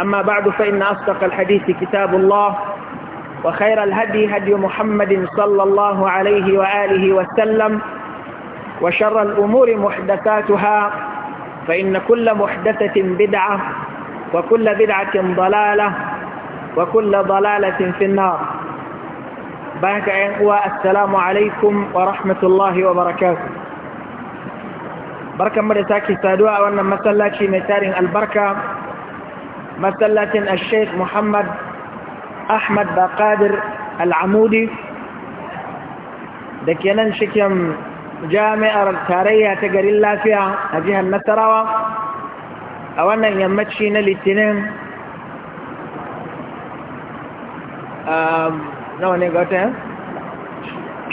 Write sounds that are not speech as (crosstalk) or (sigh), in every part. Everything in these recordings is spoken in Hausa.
أما بعد فإن أصدق الحديث كتاب الله وخير الهدي هدي محمد صلى الله عليه وآله وسلم وشر الأمور محدثاتها فإن كل محدثة بدعة وكل بدعة ضلالة وكل ضلالة في النار بارك السلام عليكم ورحمة الله وبركاته بركة مرتاكي سادوا وأن saduwa a البركة masallacin a sheikh muhammad ahmad bakadir al'amudi da ke nan cikin jami'ar tarayya ta garin lafiya a jihar nasarawa a wannan yammaci na litinin um, nawa ne ga watan eh?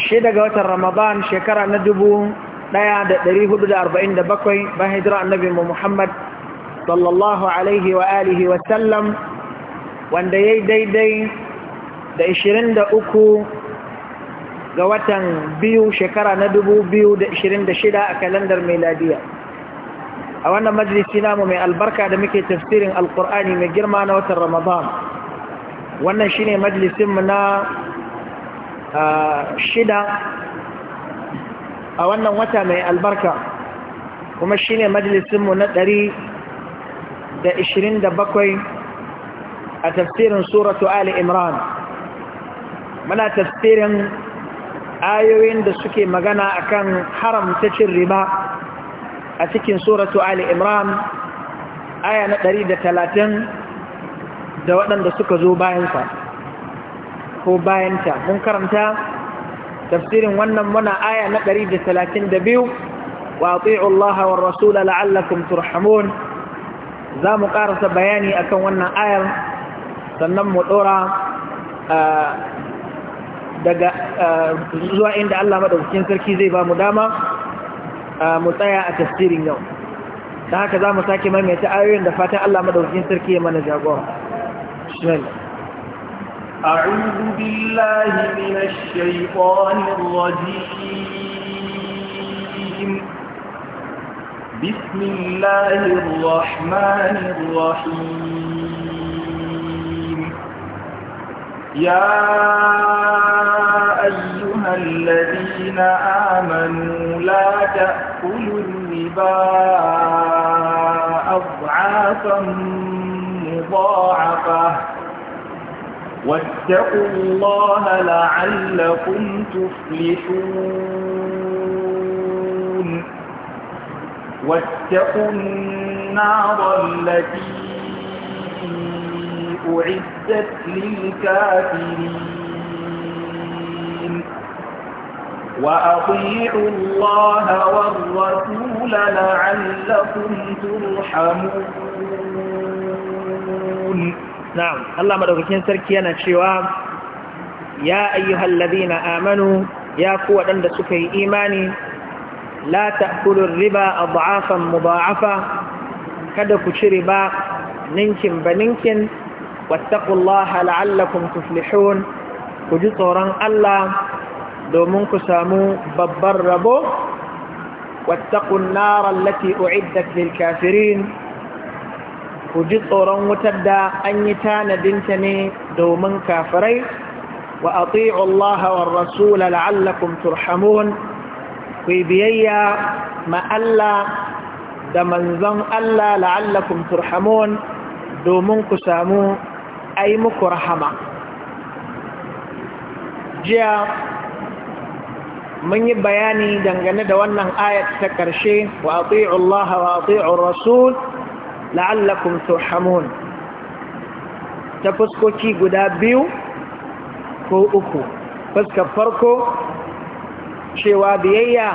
shida ga watan ramadan shekara na dubu ɗaya da hudu da arba'in da bakwai, bayan hijira annabi muhammad sallallahu alaihi wa alihi wa sallam wanda ya yi daidai da 23 ga watan biyu shekara na 2026 a kalandar meladiya a wannan majalisi namu mai albarka da muke tafsirin alkur'ani mai girma na watan ramadan wannan shi shine majalisinmu na shida a wannan wata mai albarka kuma shi shine majalisinmu na ɗari. da ishirin da bakwai a tafsirin suratu Ali Imran muna tafsirin ayoyin da suke magana akan haramta cin riba a cikin suratu Ali Imran aya na ɗari da talatin da waɗanda suka zo bayansa ko bayanta mun karanta tafsirin wannan muna aya na ɗari da talatin da biyu Allah wa rasula la'allakum turhamun za mu ƙarasa bayani akan wannan ayar sannan mu dora daga zuwa inda Allah madaukakin sarki zai ba mu dama mu tsaya a tafsirin yau ta haka za mu sake maimaita ayoyin da fatan Allah madaukakin sarki ya mana jagora أعوذ بالله من الشيطان الرجيم بسم الله الرحمن الرحيم يا أيها الذين آمنوا لا تأكلوا الربا أضعافا مضاعفة واتقوا الله لعلكم تفلحون واتقوا النار التي أعدت للكافرين وأطيعوا الله والرسول لعلكم ترحمون نعم الله مدوكين سركينا شواء يا أيها الذين آمنوا يا قوة عند سكي إيماني la ta'kulur riba adhafan mudha'afa kada ku ci riba ninkin ba ninkin wattaqullaha la'allakum tuflihun ku ji tsoron Allah domin ku samu babban rabo wattaqun nar allati u'iddat lil kafirin ku ji tsoron wutar da an yi tanadinta ne domin kafirai wa ati'u Allah war rasul la'allakum turhamun ku biyayya ma Allah da manzon Allah la'allakum turhamun domin ku samu ai muku rahama jiya mun yi bayani dangane da wannan ayat ta ƙarshe wa ati'u Allah wa ati'u Rasul la'allakum turhamun ta fuskoki guda biyu ko uku fuskar farko cewa biyayya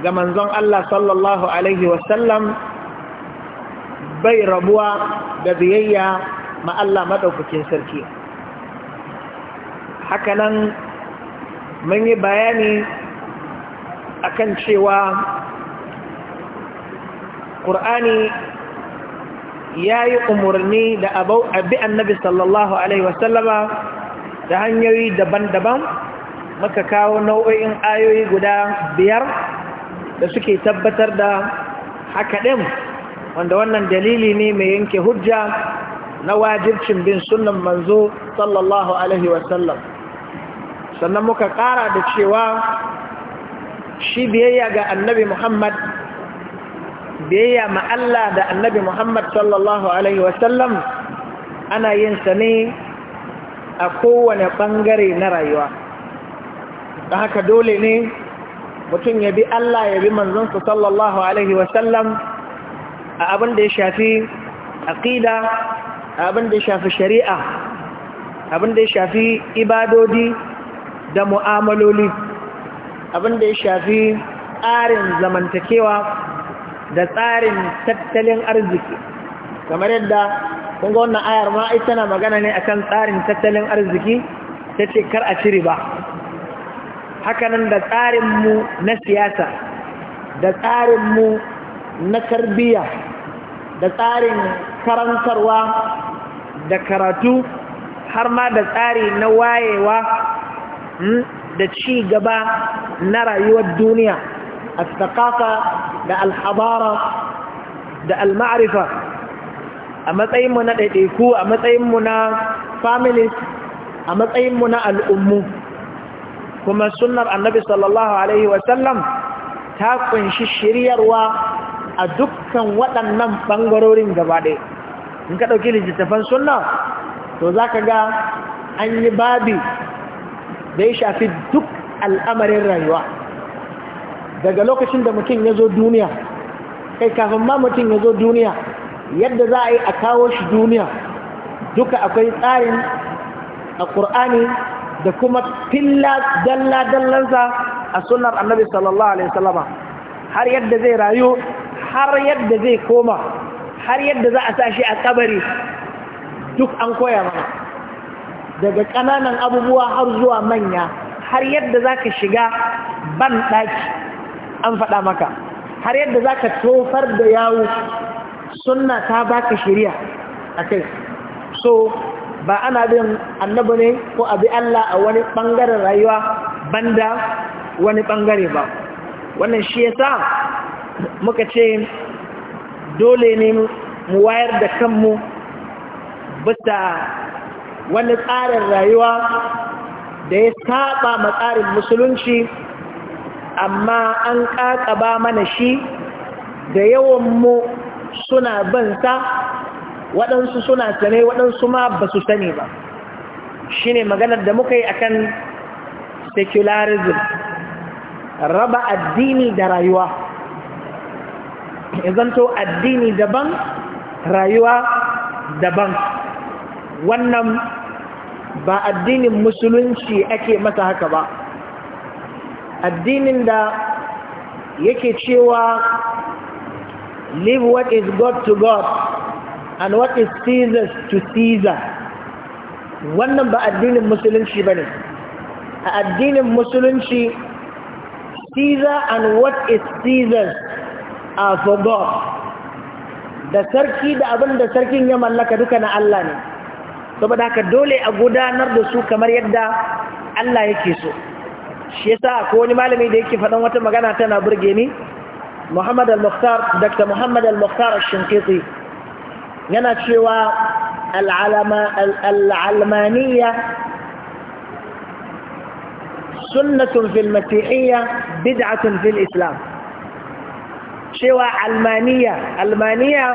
ga manzon Allah sallallahu Alaihi wasallam bai rabuwa da biyayya ma Allah maɗaukakin sarki. Hakanan mun yi bayani akan cewa ƙur'ani ya yi umarni da abu annabi sallallahu Alaihi wasallama da hanyoyi daban-daban maka kawo nau'o'in ayoyi guda biyar da suke tabbatar da haka ɗin wanda wannan dalili ne mai yanke hujja na wajibcin bin sunan manzo sallallahu alaihi wasallam sannan muka ƙara da cewa shi biyayya ga annabi muhammad biyayya ma Allah da annabi muhammad sallallahu alaihi wasallam ana yin sa ne a kowane ɓangare na rayuwa da haka dole ne mutum ya bi Allah ya bi manzansa sallallahu Alaihi wasallam a abin da ya shafi aƙida a abin da ya shafi shari'a abin da ya shafi ibadodi da mu'amaloli abin da ya shafi tsarin zamantakewa da tsarin tattalin arziki kamar yadda kunga wannan ayar ma magana ne akan tsarin tattalin arziki ta ce kar a ciri ba. hakanan da tsarinmu na siyasa da tsarinmu na tarbiyya da tsarin karantarwa da karatu har ma da tsari na wayewa hmm, da ci gaba na rayuwar duniya a da alhabara da alma'arifa a matsayinmu na ɗaiɗaiku a matsayinmu na families a matsayinmu na al'ummu kuma sunnar annabi sallallahu alaihi wasallam ta kunshi shiryarwa a dukkan waɗannan ɓangarorin gabaɗe in ka ɗauki littattafan sunna to za ka ga an yi babi da ya shafi duk al'amarin rayuwa daga lokacin da mutum ya zo duniya kai kafin ma mutum ya zo duniya yadda za a yi a kawo shi duniya duka akwai tsarin a ƙur'ani da kuma filla dalla dallansa a sunar annabi sallallahu alaihi wasallama har yadda zai rayu har yadda zai koma har yadda za a sa shi a kabari duk an koya mana daga ƙananan abubuwa har zuwa manya har yadda za ka shiga ban ɗaki an faɗa maka har yadda za ka tofar da yawo sunna ta baka shirya a kai so ba ana bin annabi ne ko abi Allah a wani bangaren rayuwa banda wani bangare ba wannan shi yasa muka ce dole ne mu wayar da kanmu bisa wani tsarin rayuwa da ya saba tsarin musulunci amma an ƙaƙaba mana shi da yawan mu suna bansa waɗansu suna sane waɗansu ma ba su sani ba shi ne maganar da muka yi akan secularism raba addini da rayuwa zanto addini daban rayuwa daban wannan ba addinin musulunci ake masa haka ba addinin da yake cewa leave what is God to God and what is Caesar's to Caesar wannan ba addinin musulunci ba ne a addinin musulunci Caesar and what is Caesar's are for God da sarki da abin da sarkin ya mallaka duka na Allah ne saboda haka dole a gudanar da su kamar yadda Allah yake so shi yasa ko wani malami da yake faɗan wata magana tana burge ni Muhammad al-Mukhtar Dr. Muhammad al-Mukhtar al-Shinqiti yana cewa al'almaniya sunnatun fil bid'atun fil islam cewa almaniya almaniya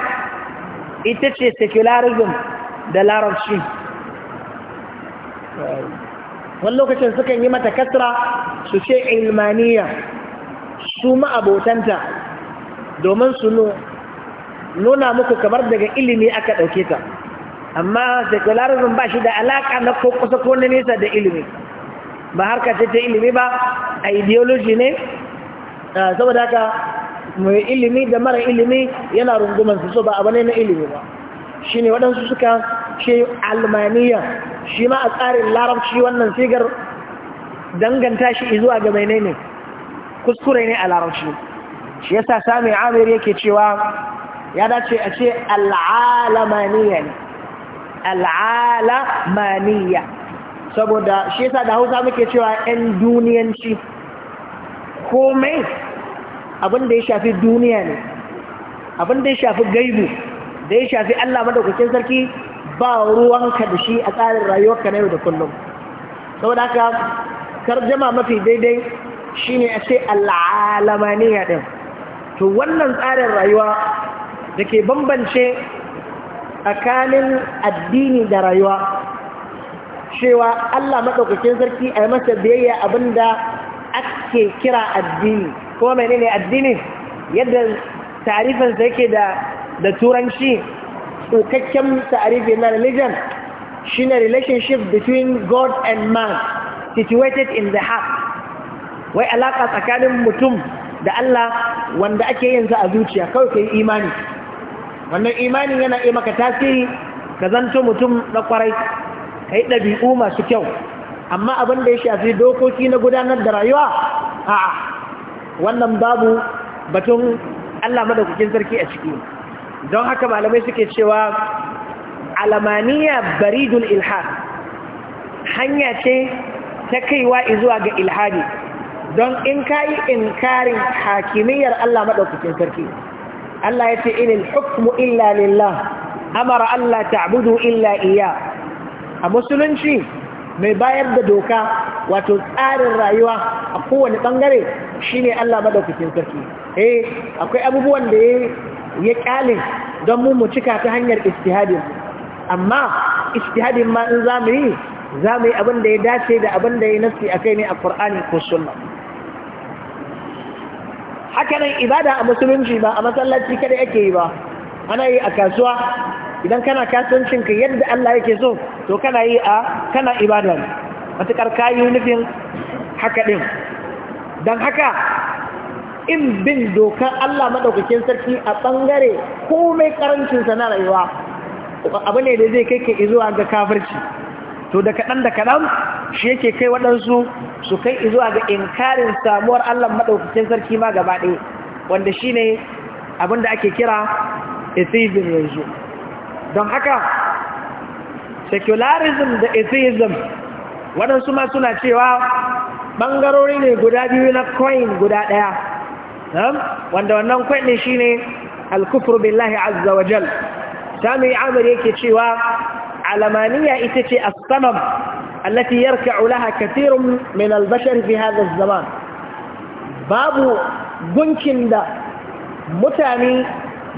ita ce secularism da larabci wani lokacin sukan yi mata kasra su ce ilmaniya su ma'abotanta domin su nuna muku kamar daga ilimi aka ɗauke ta amma secularism ba shi da alaƙa na ko kusa ko na nesa da ilimi ba harka ce ta ilimi ba a ideology ne ah, saboda haka mai ilimi da mara ilimi yana rungumar su so ba abu ne na ilimi ba shi ne waɗansu suka ce almaniya shi ma a tsarin larabci wannan sigar danganta shi zuwa ga mai ne kuskure ne a larabci shi yasa sami amir yake cewa ya dace a ce al'alamaniya ne al'alamaniya saboda shi yasa da hausa muke cewa 'yan duniyanci komai abin da ya shafi duniya ne abin ya shafi gaibu da ya shafi Allah madaukakin sarki ba ruwanka da shi a tsarin rayuwarka na yau da kullum saboda haka jama mafi daidai shine a ce al'alamaniya din to wannan tsarin rayuwa da ke bambance tsakanin addini da rayuwa cewa Allah maɗaukakin sarki a yi masa biyayya da ake kira addini kuma mai ne addini yadda tarifinsa yake da turanci tsokakken tarifi na religion shi ne relationship between God and man situated in the heart wai alaƙa tsakanin mutum da Allah wanda ake yin sa a zuciya kawai ka yi imani wannan imanin yana iya maka tasiri ka zanto mutum na kwarai ka yi ɗabi'u masu kyau amma abin da ya shafi dokoki na gudanar da rayuwa a wannan babu batun Allah madaukakin sarki a ciki don haka malamai suke cewa alamaniya baridul ilha hanya ce ta kaiwa zuwa ga ilhadi don in ka yi inkarin hakimiyyar Allah maɗaukakin sarki Allah ya ce inil hukmu illa lillah amara Allah ta'budu illa iya a musulunci mai bayar da doka wato tsarin rayuwa a kowane bangare shine Allah madaukakin sarki eh akwai abubuwan da ya kyale don mu cika ta hanyar istihadin amma istihadin ma in zamu yi zamu yi abin da ya dace da abin da ya nasi akai ne a Qur'ani ko Sunna Haka nan ibada a musulunci ba a masallaci kada yake yi ba ana yi a kasuwa idan kana ka yadda Allah yake so to kana yi a kana ibada matukar kayi nufin haka din don haka in bin dokar Allah madaukakin sarki a bangare komai karancin sa na rayuwa abu ne da zai kai ka zuwa ga kafirci to da kaɗan da kaɗan shi yake kai waɗansu su kai zuwa ga inkarin samuwar Allah maɗaukacin sarki ma gaba wanda shi ne abinda ake kira atheism yanzu don haka secularism da atheism waɗansu ma suna cewa ɓangarori ne guda biyu na coin guda ɗaya wanda wannan coin ne shi ne alkufur billahi azzawajal wa jal sami amir yake cewa alamaniya ita ce asamam التي يركع لها كثير من البشر في هذا الزمان باب gunkin da mutane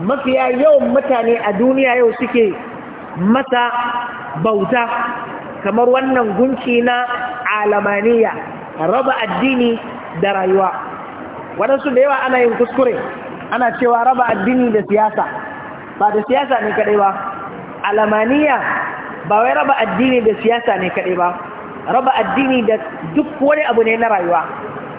mafiya yawan mutane a duniya yau suke masa bauta kamar wannan gunki na alamaniya raba addini da rayuwa waɗansu da yawa ana yin kuskure ana cewa raba addini da siyasa ba da siyasa ne kaɗai ba alamaniya ba wai raba addini da siyasa ne kaɗai ba raba addini da duk wani abu ne na rayuwa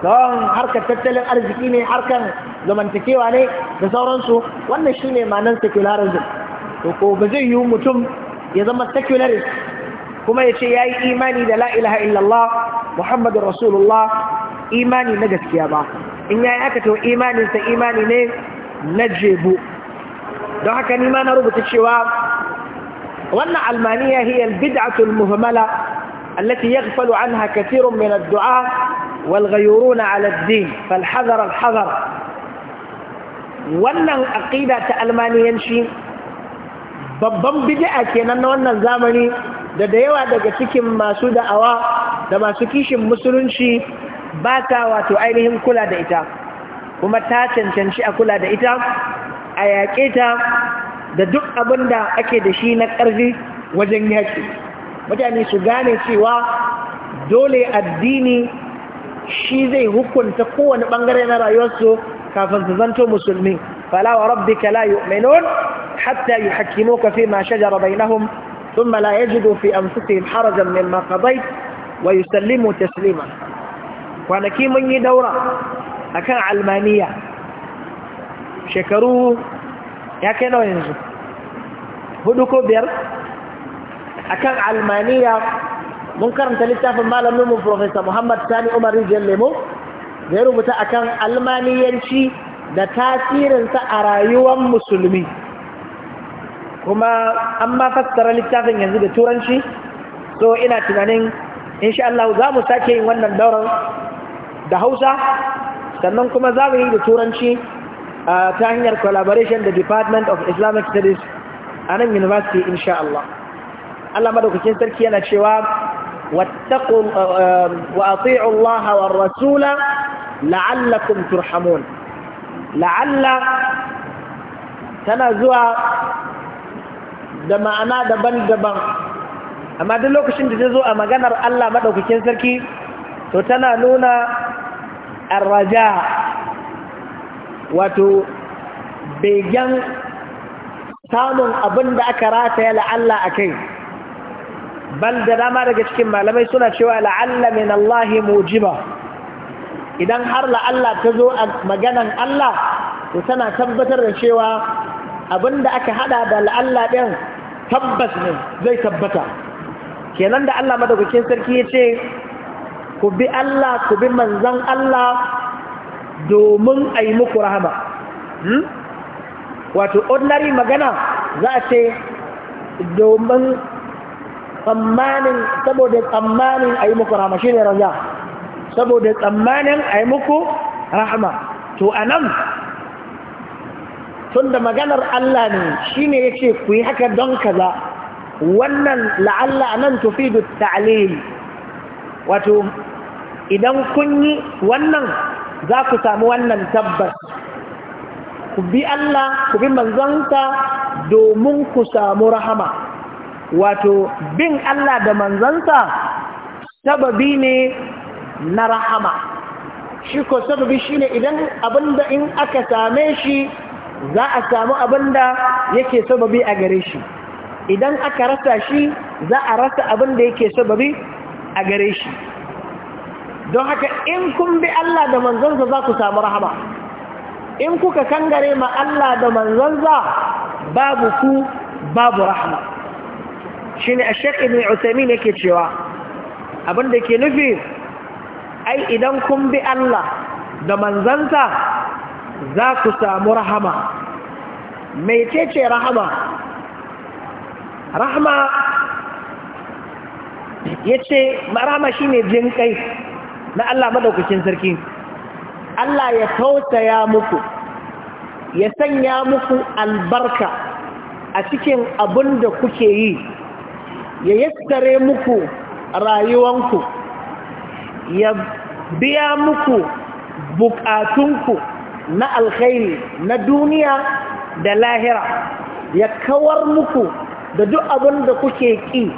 don harkar tattalin arziki ne harkar zamantakewa ne da sauransu wannan shi ne manan secularism to ko ba zai yiwu mutum ya zama secularist kuma ya ce ya yi imani da la'ilaha illallah muhammadun rasulullah imani na gaskiya ba in ya yi aka to imaninsa imani ne na jebu don haka nima na rubuta cewa وأن علمانية هي البدعة المهملة التي يغفل عنها كثير من الدعاة والغيورون على الدين فالحذر الحذر wannan aƙida ta almaniyanci babban bid'a kenan na wannan zamani da da yawa daga cikin masu da'awa da masu kishin musulunci ba ta wato ainihin kula da ita kuma ta cancanci a kula da ita a yaƙe ta da duk abin da ake da shi na ƙarfi wajen yaƙi mutane su gane cewa dole addini shi zai hukunta kowane ɓangare na rayuwarsu kafin su zanto musulmi falawa rabbi rabbika la yu'minun hatta yuhakkimuka fi ma shajara bainahum thumma ya yajidu fi anfusihim harajan mimma qadayt wa ta taslima kwanaki mun yi daura akan almaniya shekaru ya kai nawa yanzu hudu ko biyar akan almaniya mun karanta littafin mu. professor muhammad sani umar rijiyar lemo da ya rubuta akan almaniyanci da tasirinsa a rayuwar musulmi kuma an ma fassara littafin yanzu da turanci so ina tunanin insha Allah za mu sake yin wannan dauran da hausa sannan kuma za mu yi da turanci ta hanyar collaboration da Department of Islamic Studies a nan university insha Allah Allah madaukakin sarki yana cewa wattaqu wa ati'u Allah war rasula la'allakum turhamun la'alla tana zuwa da ma'ana daban-daban amma duk lokacin da ta zo a maganar Allah madaukakin sarki to tana nuna arraja wato begen samun abin da aka rataya la'alla a kai bal da dama daga cikin malamai suna cewa la'alla min Allah mujiba idan har la'alla ta zo a maganan Allah to tana tabbatar da cewa abin da aka hada da la'alla ɗin tabbas ne zai tabbata kenan da Allah madaukakin sarki ya ce ku bi Allah ku bi manzan Allah domin a yi muku rahama hmm? wato ordinary magana za a ce domin tsammanin saboda tsammanin a yi muku rahama shi ne raja. saboda tsammanin a yi muku rahama to a nan tun da maganar Allah ne shi ne ya ce ku yi haka don kaza wannan la'alla a nan da ta'alili wato idan kun yi wannan za ku samu wannan tabbas ku bi Allah ku bi manzonsa domin ku samu rahama wato bin Allah da manzonsa sababi ne na rahama shi ko sababi shine idan abinda in aka same shi za a samu abinda yake sababi a gare shi idan aka rasa shi za a rasa abinda yake sababi a gare shi don haka in kun bi Allah da manzansa za ku samu rahama in kuka kangare ma Allah da manzansa babu ku babu rahama shi ne a shaƙi mai ne ke cewa abinda ke nufi ai idan kun bi Allah da manzansa za ku samu rahama mai ce rahama rahama ya ce marama shi ne jin kai na Allah madaukakin sarki Allah ya tausaya muku ya sanya muku albarka a cikin abin da kuke yi ya yassare muku rayuwanku ya biya muku bukatunku na alkhairi na duniya da lahira ya kawar muku da duk abin da kuke ƙi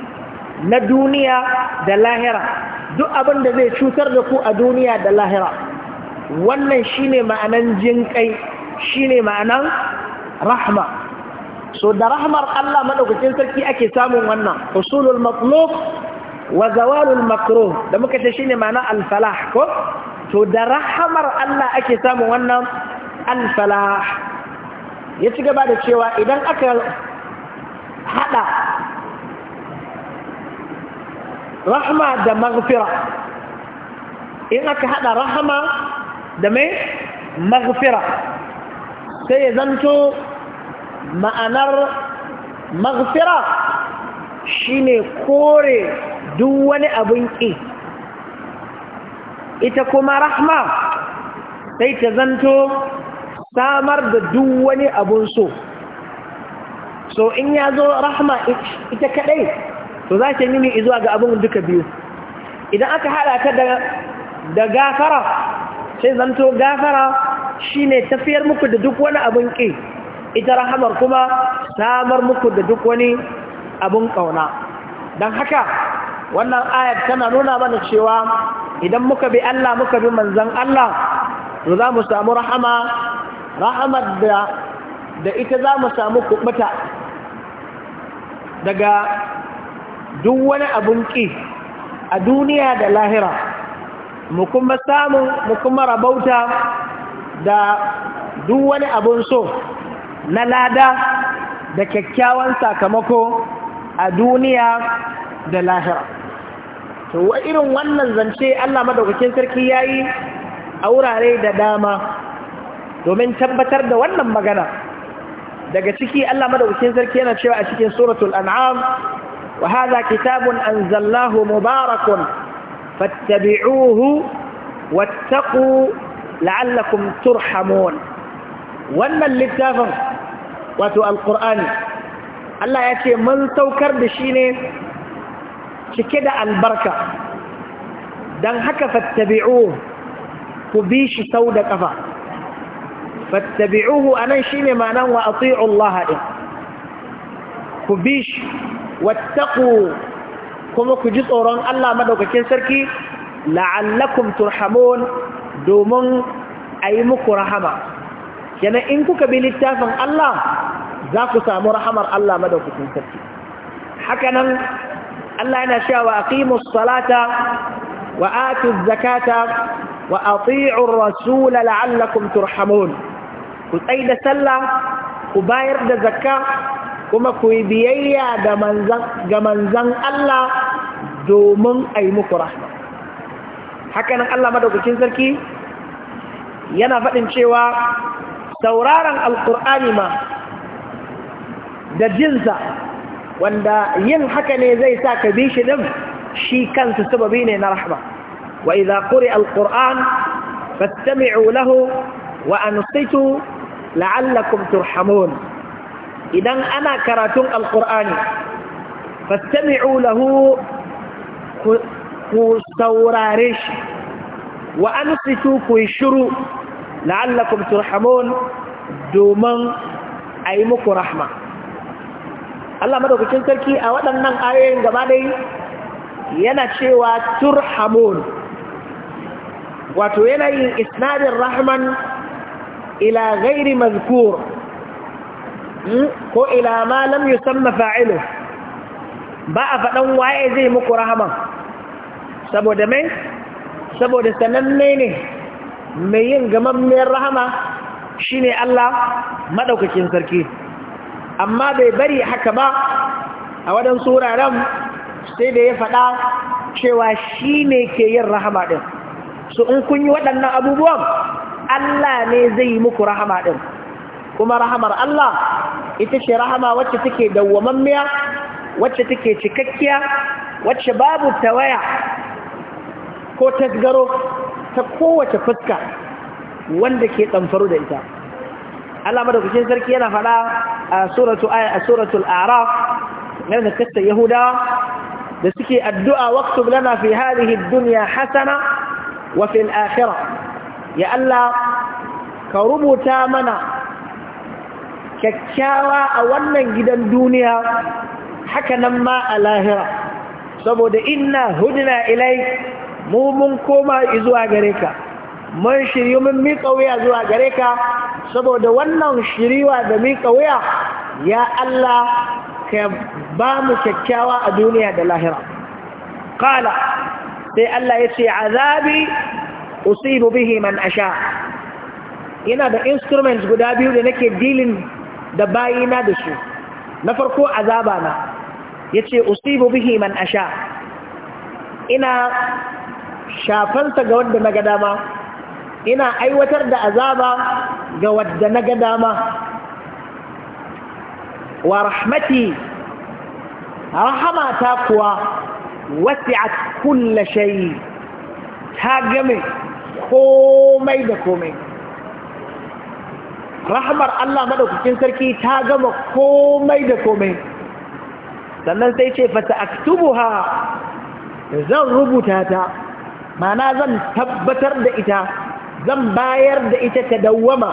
na duniya da lahira duk abin da zai cutar da ku a duniya da lahira wannan shine ma'anan jinƙai shine ma'anan rahma so da rahmar Allah madaukakin sarki ake samun wannan usulul matlub wa zawalul makruh da muka ce shine ma'anan al-falah ko to da rahmar Allah ake samun wannan al-falah ya ci gaba da cewa idan aka hada rahma da maghfira in aka hada rahma da mai maghfira sai ya zanto ma'anar maghfira shine kore duk wani abin ƙi ita kuma rahma sai ta zanto samar da duk wani abun so so in ya zo rahma ita kadai to za ke nuni zuwa ga abin duka biyu idan aka hada ta da gafara sai zanto gafara shine tafiyar muku da duk wani abin ƙi ita rahamar kuma samar muku da duk wani abin ƙauna don haka wannan ayar tana nuna mana cewa idan muka bi Allah muka bi manzan Allah to za mu samu rahama rahamar da da ita za mu samu kubuta daga duk wani abun ƙi a duniya da lahira mu kuma samun mu kuma rabauta da duk wani abun so na lada da kyakkyawan sakamako a duniya da lahira to wa irin wannan zance Allah madaukakin sarki yayi a wurare da dama domin tabbatar da wannan magana daga ciki Allah madaukakin sarki yana cewa a cikin suratul an'am وهذا كتاب أنزلناه مبارك فاتبعوه واتقوا لعلكم ترحمون وانا اللي تافن واتو القرآن الله يكي من توكر بشيني شكدا البركة دان هكا فاتبعوه كبيش سودة كفا فاتبعوه أنا شيني ما نوى أطيع الله إيه كبيش wattaku kuma ku ji tsoron Allah madaukakin sarki la'allakum turhamun domin ayi muku rahama kenan in kuka bi littafin Allah za ku samu rahamar Allah madaukakin sarki hakanan Allah yana cewa aqimus salata wa atuz zakata wa rasula rasul la'allakum turhamun ku tsaida sallah ku bayar da zakka kuma ku yi biyayya ga manzan Allah domin a yi muku hakanan Allah madaukakin sarki yana faɗin cewa sauraron alkur'ani ma da jinsa wanda yin haka ne zai sa ka bi shi ɗin shi kansu sababi ne na rahma wa idha quri alquran fastami'u lahu wa ansitu la'allakum turhamun idan ana karatun alkur'ani fastami'u lahu ku saurare shi wa ansitu ku shiru la'allakum turhamun domin a yi muku rahma Allah madaukakin sarki a waɗannan ayoyin gaba dai yana cewa turhamun wato yanayin isnadin rahman ila gairi mazkur Hmm? ko ila ma lam yusamma fa'ilu ba a fadan waye zai muku rahama saboda mai saboda sananne ne mai yin gamammiyar rahama shine Allah madaukakin sarki amma bai bari haka ba a waɗansu wuraren sai da ya faɗa cewa shine ke yin rahama din su in kun yi waɗannan abubuwan Allah ne zai yi muku rahama din. kuma rahamar Allah ita ce rahama wacce take dawwamammiya wacce take cikakkiya wacce babu tawaya ko tasgaro ta kowace fuska wanda ke ɗamfaru da ita Allah madaukakin sarki yana faɗa a suratu a suratul araf na da kasta Yahuda da suke addu'a waqtub lana fi hadhihi ad-dunya hasana wa fil akhirah ya Allah ka rubuta mana kyakkyawa a wannan gidan duniya haka nan ma a lahira saboda inna hudna ilai mu mun koma zuwa gare ka mun shiryu mun miƙa wuya zuwa gare ka saboda wannan shiriwa da miƙa wuya ya Allah ka ba mu kyakkyawa a duniya da lahira qala sai Allah ya ce azabi usibu bihi man asha yana da instruments guda biyu da nake dealing da bayina da su na farko azaba na yace usibu bihi man asha ina shafansa ga na ga dama ina aiwatar da azaba ga na ga dama wa rahmati ta kuwa wasi'at kulla shay ta game komai da komai rahmar Allah madaukakin sarki ta gama komai da komai sannan sai ce fata aktubuha zan rubuta ta mana zan tabbatar da ita zan bayar da ita ta dawwama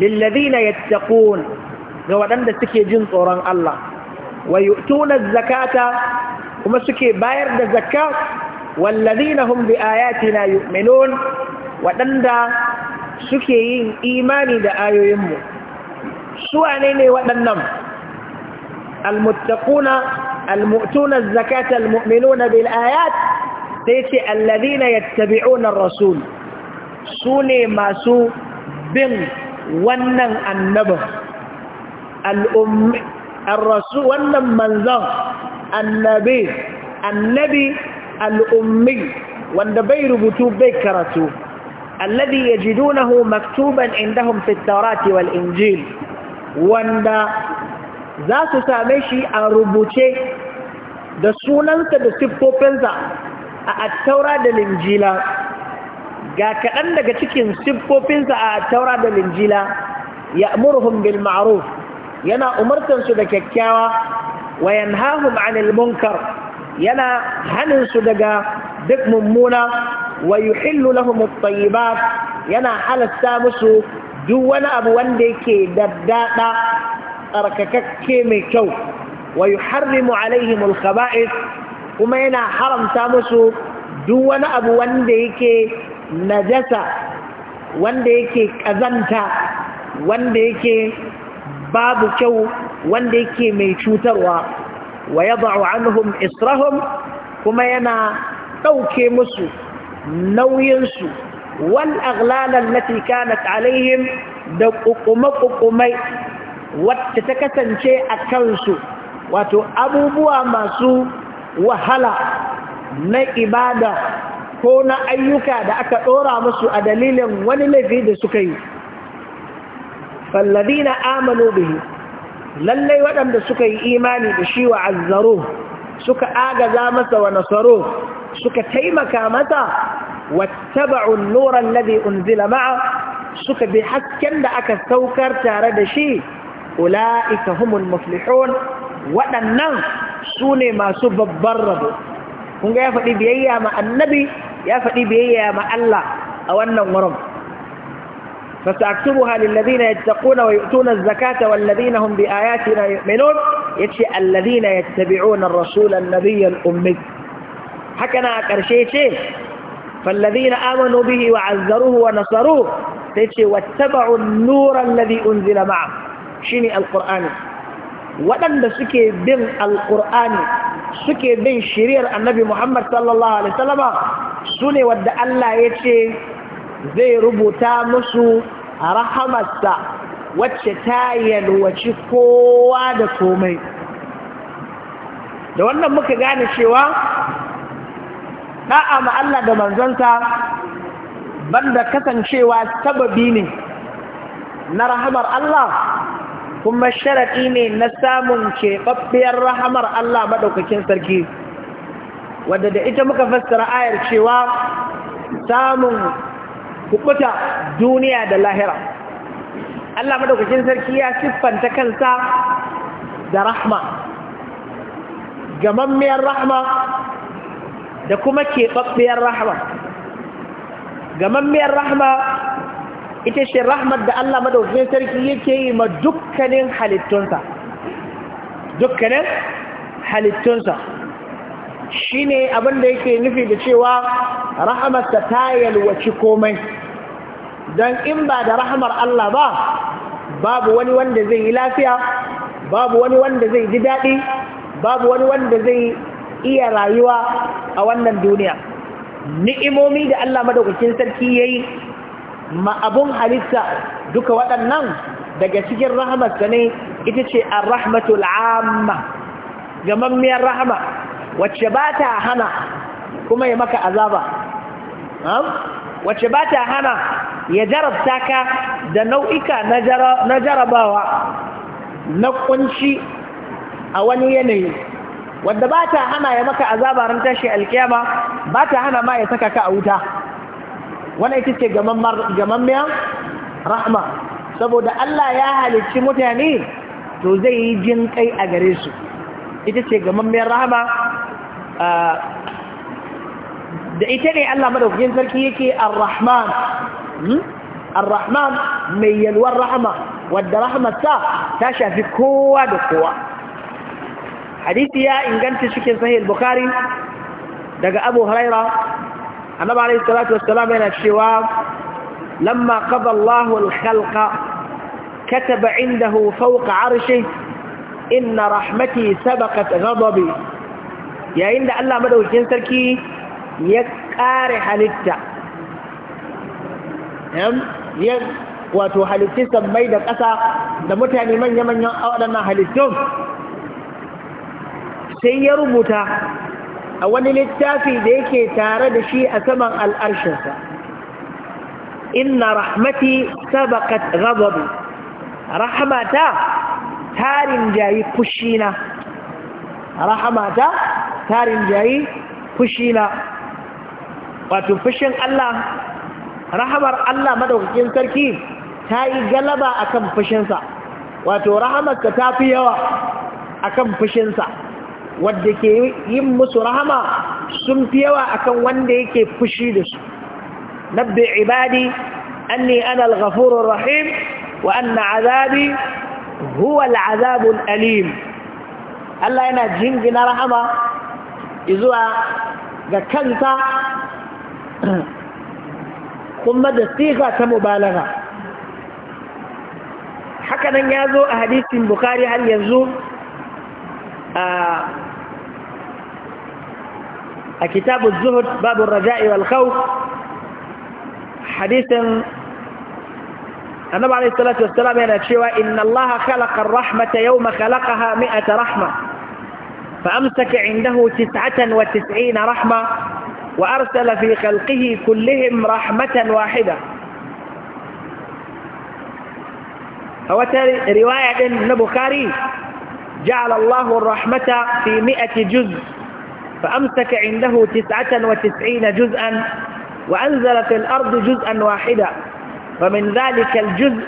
lillazina yattaqun ga waɗanda suke jin tsoron Allah wa yu'tuna zakata kuma suke bayar da zakka wallazina hum biayatina yu'minun waɗanda suke yin imani da ayoyinmu su wane ne waɗannan almuttaquna almu'tuna zakata almu'minuna bil ayat sai ce alladhina yattabi'una ar-rasul su masu bin wannan annabin ar-rasul wannan manzon annabi annabi al'ummi wanda bai rubutu bai karatu alladhi yajidunahu maktuban indahum fi taurati wal injil wanda za su same shi a rubuce da sunansa da siffofinsa a attaura da linjila ga kaɗan daga cikin siffofinsa a attaura da linjila ya amurhum bil ma'ruf yana umartansu da kyakkyawa wa yanhahum 'anil munkar yana haninsu su daga duk mummuna wa yuhillu lahum at yana halasta musu duk wani abu wanda yake daddada tsarkakakke mai kyau wa yuharrimu alaihim al kuma yana haramta musu duk wani abu wanda yake najasa wanda yake kazanta wanda yake babu kyau wanda yake mai cutarwa wa yada'u anhum israhum kuma yana ɗauke musu nauyinsu wal aghlalan lati kanat alaihim da kukume kukumai wacce ta kasance a kansu wato abubuwa masu wahala na ibada ko na ayyuka da aka ɗora musu a dalilin wani laifi da suka yi fallazina amanu bihi lallai waɗanda suka yi imani da shi wa azzaru suka agaza masa wa nasaru suka taimaka masa wattaba'un nuran ladhi unzila ma'a suka bi hasken da aka saukar tare da shi ula'ika humul muflihun waɗannan su ne masu babban rabo kun ga ya faɗi biyayya ma annabi ya faɗi biyayya ma Allah a wannan wurin فسأكتبها للذين يتقون ويؤتون الزكاة والذين هم بآياتنا يؤمنون يتشي الذين يتبعون الرسول النبي الأمي حكنا كرشي شيء فالذين آمنوا به وعزروه ونصروه يتشي واتبعوا النور الذي أنزل معه شيني القرآن waɗanda suke bin alƙur'ani suke bin shiriyar annabi Muhammad sallallahu Alaihi wasallama su ne wadda Allah ya ce zai rubuta musu rahamarsa wacce ta yalwaci kowa da komai da wannan muka gane cewa da'a ma Allah da manzanta banda kasancewa sababi ne na rahamar Allah kuma sharaɗi ne na samun keɓaɓɓiyar rahamar Allah maɗaukakin sarki wadda da ita muka fassara ayar cewa samun kuɓuta duniya da lahira Allah madaukakin sarki ya siffanta kansa da rahma gamammiyar rahma da kuma keɓaɓɓiyar rahma gamammiyar rahma ita ce rahmar da Allah madaukakin sarki yake yi ma dukkanin halittunsa dukkanin halittunsa shine abin da yake nufi da cewa rahamarsa ta yalwaci komai don in ba da rahamar Allah ba babu wani wanda zai yi lafiya babu wani wanda zai ji daɗi babu wani wanda zai iya rayuwa a wannan duniya ni'imomi da Allah madaukakin sarki yayi ma abun halitta duka waɗannan daga cikin rahamarsa ne ita ce ar-rahmatul amma gamammiyar rahama wacce ba ta hana kuma ya maka azaba wacce ba ta hana ya jarabta ka da nau'ika na jarabawa na kunci a wani yanayi wadda ba ta hana ya maka azaba ran tashi alkiyama ba ta hana ma ya saka ka a wuta Wani ita ce gamammiya rahma saboda Allah ya halicci mutane to zai yi jin kai a gare su ita ce gamammiyar rahama da ita ne Allah madaukakin sarki yake ar-rahman ar-rahman mai yalwar rahama wadda rahamarsa ta shafi kowa da kowa hadisi ya inganta cikin sahih bukhari daga abu huraira annabi alayhi salatu wassalam yana cewa lamma qada Allahu al-khalqa kataba indahu fawqa 'arshihi inna rahmati sabaqat ghadabi yayin da Allah madaukakin sarki ya kare halitta ya wato sammai da ƙasa da mutane manya-manyan waɗannan halittun sai ya rubuta a wani littafi da yake tare da shi a saman al'arshinsa inna rahmati sabakat ghadabi rahmata tarin jayi kushina rahamata ta jayi fushina wato fushin Allah rahamar Allah madaukakin sarki ta yi galaba akan fushinsa wato rahamarsa ta fi yawa akan fushinsa wadda ke yin musu rahama sun fi yawa akan wanda yake fushi da su nabbi ibadi anni ana al-ghafurur rahim wa anna azabi huwa al-azabul alim Allah yana jingina rahama zuwa ga kanta kuma da siga ta mubalaga haka nan ya zo a hadisin bukari har yanzu a kitabu zuhud babu raja'i wal khawf hadisin annabi alayhi salatu wassalam yana cewa inna allaha khalaqa ar-rahmata yawma khalaqaha mi'ata rahma فأمسك عنده تسعة وتسعين رحمة وأرسل في خلقه كلهم رحمة واحدة هو رواية ابن بخاري جعل الله الرحمة في مئة جزء فأمسك عنده تسعة وتسعين جزءا وأنزل في الأرض جزءا واحدا ومن ذلك الجزء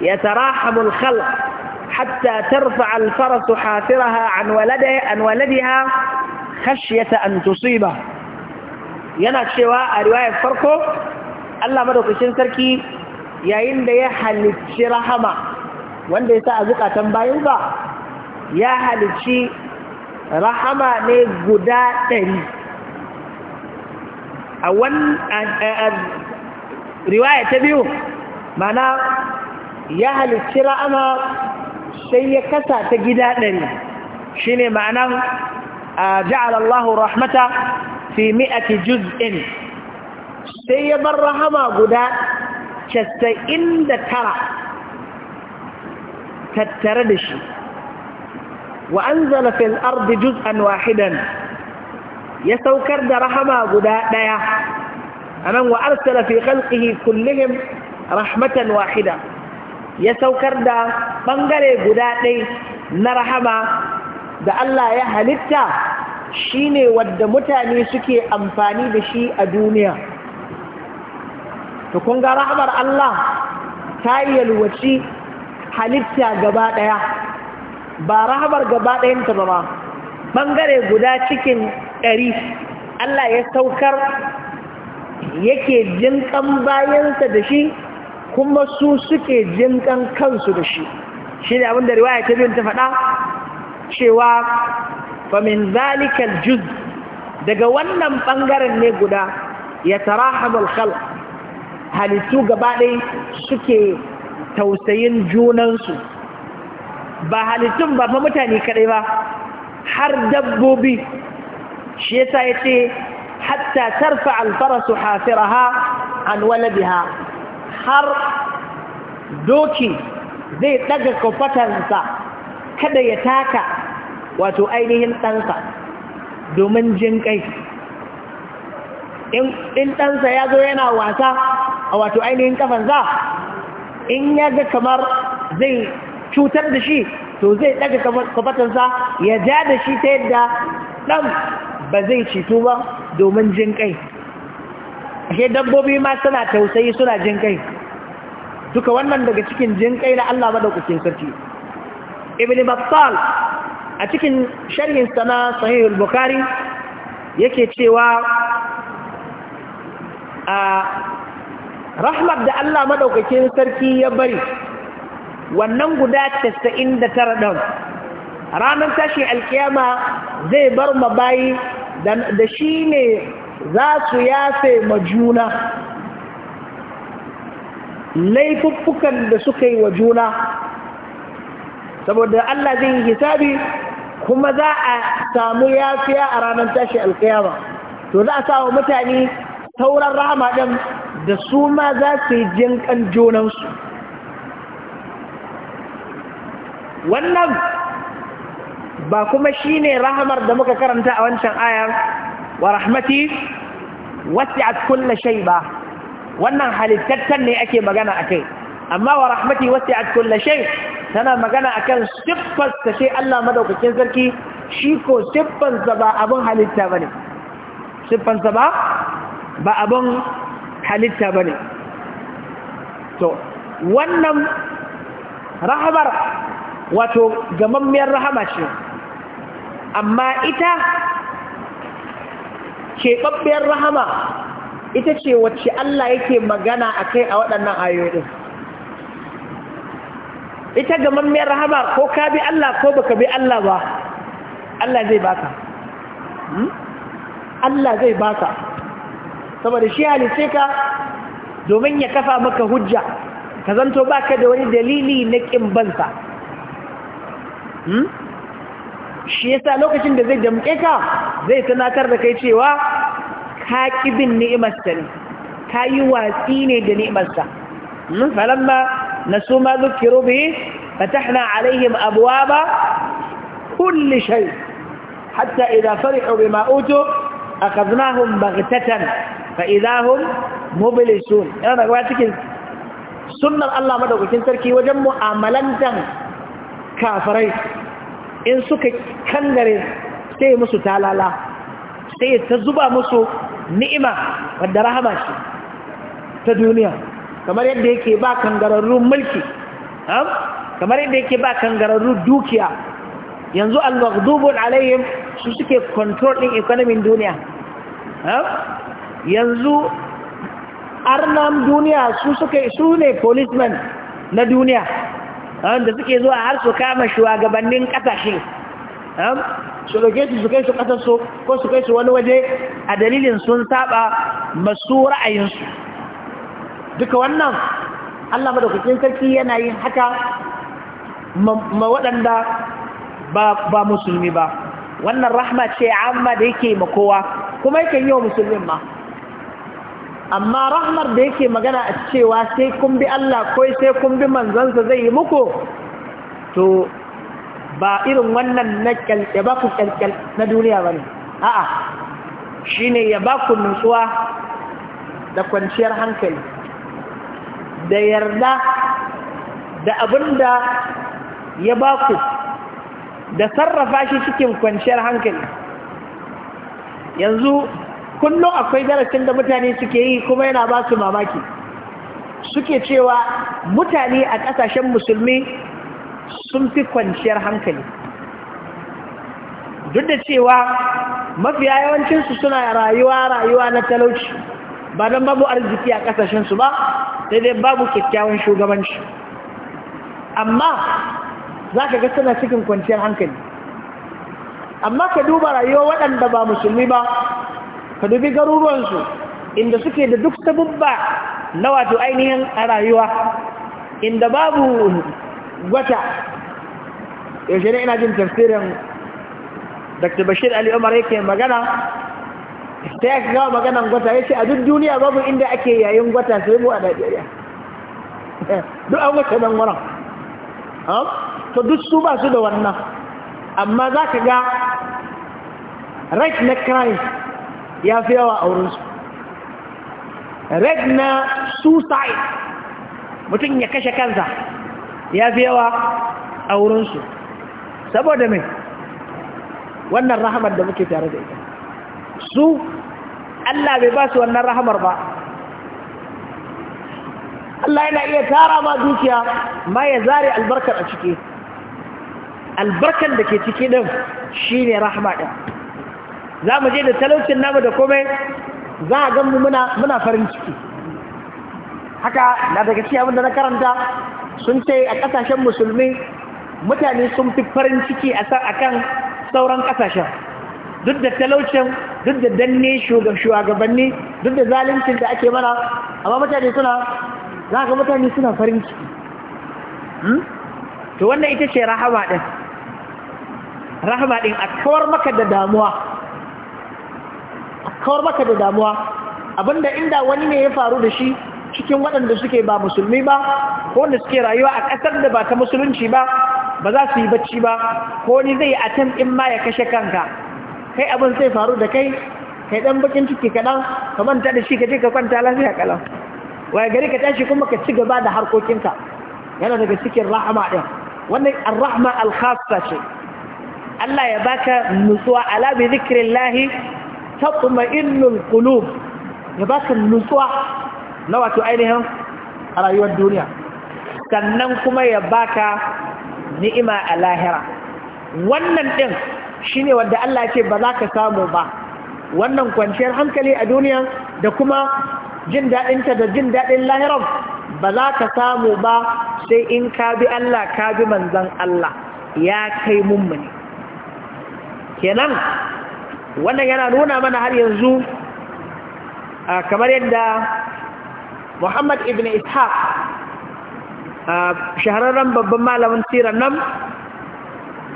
يتراحم الخلق حتى ترفع الفرس حافرها عن ولده عن ولدها خشية أن تصيبه yana cewa a riwayar farko Allah madaukakin sarki yayin da ya halicci rahama wanda ya sa a zukatan bayan ba ya halicci rahama ne guda ɗari a riwaya ta biyu mana ya halicci rahama sai ya kasa ta gida ɗari shi ne ma'anan ja'alallahu rahmata fi mi'ati juz'in sai ya bar rahama guda casa'in da tara tattare da shi wa an zala fil ardi juz'an wahidan ya saukar da rahama guda ɗaya a nan wa arsala fi khalqihi kullihim rahmatan wahida ya saukar da ɓangare guda ɗai na rahama da Allah ya halitta shi ne wadda mutane suke amfani da shi a duniya tukunga kunga rahamar Allah ta yalwaci halitta gaba ɗaya ba rahamar gaba ɗayanta ba ba. ɓangare guda cikin ɗari Allah ya saukar yake kan bayansa da shi kuma su suke jinkan kansu da shi shi ne abinda riwaya ta biyun ta faɗa cewa famin zalikal juz daga wannan ɓangaren ne guda ya tarahamul khalq halittu gabaɗai suke tausayin junansu ba halittun ba fa mutane kaɗai ba har dabbobi shi yasa ya ce hatta tarfa alfarasu hafiraha an waladiha har doki zai ɗaga kofatarsa kada ya taka wato ainihin ɗansa domin jin kai in ɗansa ya zo yana wasa a wato ainihin kafansa in ya ga kamar zai cutar da shi to zai ɗaga kofatarsa ya ja da shi ta yadda ɗan ba zai cito ba domin jin kai ashe dabbobi ma suna tausayi suna jin kai duka wannan daga cikin jin kai na Allah madaukakin sarki ibn battal a cikin sharhin sana sahih al-bukhari yake cewa a rahmat da Allah madaukakin sarki ya bari wannan guda 99 din ranar tashi alkiyama zai bar mabayi da shi ne za su yafe ma juna laifuffukan da suka yi wa juna saboda Allah zai yi hisabi kuma za a samu yafiya a ranar tashi alkiyama to za a wa mutane sauran rama ɗin da su ma za su yi jinkan junansu wannan ba kuma shine rahamar da muka karanta a wancan ayar wa rahmati wasi'at kulla shay ba wannan halittattan ne ake magana akai amma wa rahmati wasi'at kulla shay tana magana akan siffar ta sai Allah madaukakin sarki shi ko siffar sa ba abun halitta bane siffar sa ba ba abun halitta bane to wannan rahamar wato gamammiyar rahama ce amma ita keɓaɓɓiyar rahama ita ce wacce Allah yake magana a kai a waɗannan ayoyin ita ga mammiyar rahama ko ka bi Allah ko baka bi Allah ba Allah zai baka hmm? Allah zai baka saboda shi halice ka domin ya kafa maka hujja ka zanto baka da wani dalili na ƙin bansa hmm? shi yasa lokacin da zai damke ka zai tunatar da kai cewa ka kibin ni'imarsa ne ka yi watsi ne da ni'imar mun falamma na su ma zukiru bihi fatahna alaihim abwaba kulli shay hatta idza farihu bima utu akhadnahum baghtatan fa idahum mublisun ina da daga cikin sunnar Allah madaukakin sarki wajen mu'amalantan kafirai in suka kangare sai ya musu talala sai ta zuba musu ni'ima wadda rahama shi ta duniya kamar yadda yake ba kangararrun mulki kamar yadda yake ba kangararrun dukiya yanzu al-maghdubun alaihim su suke control din economy duniya yanzu arnam duniya su suke su ne policemen na duniya wanda suke zuwa har su kama shugabannin kasashe su dauke su su kai su kasar ko su kai su wani waje a dalilin sun saba masu ra'ayinsu duka wannan Allah madaukakin sarki yana yin haka ma waɗanda ba musulmi ba wannan rahma ce amma da yake ma kowa kuma yake yi wa musulmin ma amma rahmar da yake magana a cewa sai kun bi Allah ko sai kun bi manzansa zai yi muku to ba irin wannan na kyalke ba ku kyalke na duniya ba ne a'a shi ne ya ba ku nutsuwa da kwanciyar hankali da yarda da abin ya ba ku da sarrafa shi cikin kwanciyar hankali yanzu kullum akwai darasin da mutane suke yi kuma yana ba su mamaki suke cewa mutane a ƙasashen musulmi sun fi kwanciyar hankali duk da cewa mafiya yawancinsu suna rayuwa rayuwa na talauci ba don babu arziki a ƙasashensu ba sai dai babu kyakkyawan shugabanci amma za ka ga suna cikin kwanciyar hankali amma ka duba rayuwa waɗanda ba musulmi ba ka dubi garuruwansu inda suke da duk sabubba na wato ainihin a rayuwa inda babu gwata yaushe ne ina jin tafsirin dr bashir ali umar yake magana ta yaka gawa maganan gwata ya ce a duk duniya babu inda ake yayin gwata sai mu a najeriya (laughs) duk an wata nan wuran to duk su ba su da wannan amma za ka ga right na christ ya fi yawa a wurinsu red na suicide mutum ya kashe kansa ya fi yawa a wurinsu saboda mai wannan rahamar da muke tare da ita su Allah bai ba su wannan rahamar ba Allah yana iya tara ma dukiya ma ya zare albarkar a ciki albarkar da ke ciki ɗin shi ne rahama ɗin za mu je da talaucin namu da komai za a gan mu muna farin ciki haka na daga cikin abinda na karanta sun ce a ƙasashen musulmi mutane sun fi farin ciki a kan sauran ƙasashen duk da talaucin duk da danne shugabanni duk da zalincin da ake mana amma mutane suna za ga mutane suna farin ciki hmm? to wannan ita ce rahama ɗin rahama ɗin a kawar maka da damuwa kawar maka da damuwa abinda inda wani ne ya faru da shi cikin waɗanda suke ba musulmi ba ko wanda suke rayuwa a ƙasar da ba ta musulunci ba ba za su yi bacci ba ko wani zai atam in ma ya kashe kanka kai abin sai faru da kai kai ɗan bakin ciki kaɗan ka manta da shi ka je ka kwanta lafiya kalan waya gari ka tashi kuma ka ci gaba da harkokinka yana daga cikin rahama ɗin wannan ar-rahma ce Allah ya baka nutsuwa ala bi zikrillahi inul kulub ya baka nutsuwa na wato ainihin a rayuwar duniya sannan kuma ya baka ni'ima a lahira wannan ɗin shi ne wanda Allah ce ba za ka samu ba wannan kwanciyar hankali a duniya da kuma jin daɗinta da jin daɗin lahirar ba za ka samu ba sai in ka bi Allah ka bi manzan Allah ya kai mummuni kenan wannan yana nuna mana har yanzu kamar yadda muhammad ibn ishaq shahararren babban malamin siran nan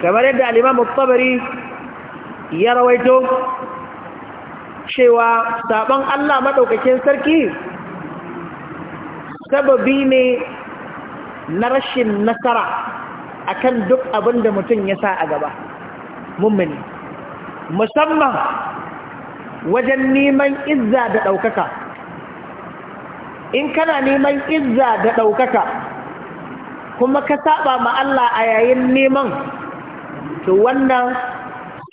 kamar yadda alimamu tsabari ya rawaito cewa sabon allah maɗaukakin sarki sababi ne na rashin nasara akan duk abin da mutum ya sa a gaba mummuni musamman wajen neman izza da ɗaukaka in kana neman izza da ɗaukaka kuma ka saba ma Allah a yayin neman to wannan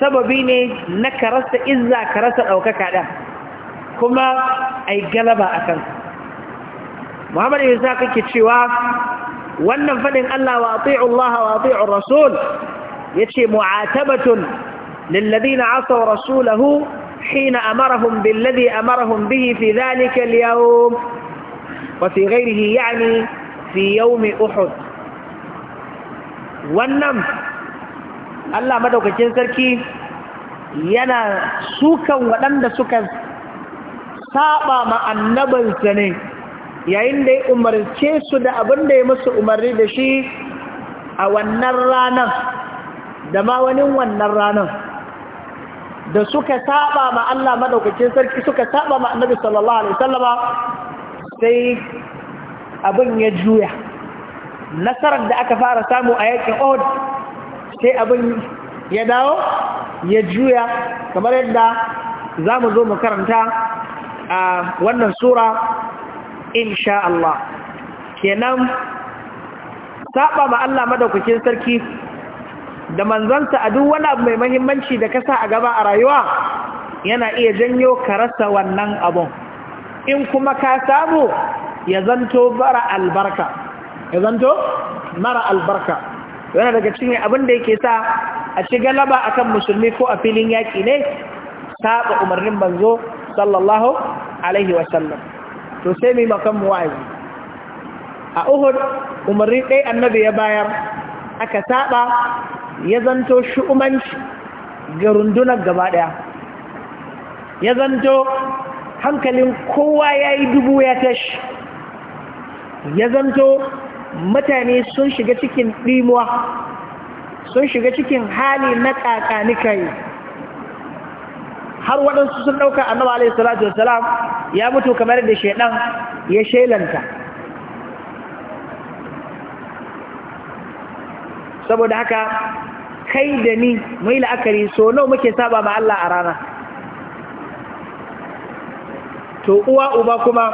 sababi ne na karasa izza ka rasa ɗaukaka ɗan kuma a galaba a kan muhammadu isa kake cewa wannan faɗin Allah wa Allah wa rasul yace mu'atabatun للذين عصوا رسوله حين أمرهم بالذي أمرهم به في ذلك اليوم وفي غيره يعني في يوم أحد والنم Allah madaukakin sarki yana sukan waɗanda suka saɓa ma annabansa ne yayin da ya umarce su da abin da ya musu umarni da shi a wannan ranar da ma wani wannan ranar da suka saba ma Allah madaukakin sarki suka saba ma annabi sallallahu alaihi wasallama sai abin ya juya nasarar da aka fara samu a yakin Uhud sai abin ya dawo ya juya kamar yadda zamu zo mu karanta a wannan sura insha Allah kenan saba ma Allah madaukakin sarki da manzansa a duk wani abu mai mahimmanci da kasa a gaba a rayuwa yana iya janyo ka rasa wannan abun in kuma ka samu ya zanto mara albarka ya zanto mara albarka yana daga cikin abin da yake sa a ci galaba akan musulmi ko a filin yaƙi ne saba umarnin banzo sallallahu alaihi wasallam to sai mai makanmu wa'azi a uhud umarni ɗaya annabi ya bayar aka saba ya zanto shu'umanci ga rundunar gaba ɗaya ya zanto hankalin kowa ya yi dubu ya tashi ya zanto mutane sun shiga cikin ɗimuwa sun shiga cikin hali na ƙaƙanikai har waɗansu sun ɗauka annaba alaihi salatu wasalam ya mutu kamar da shaidan ya shailanta saboda haka kai da ni mai la'akari so nau muke saba ma Allah a rana to uwa uba kuma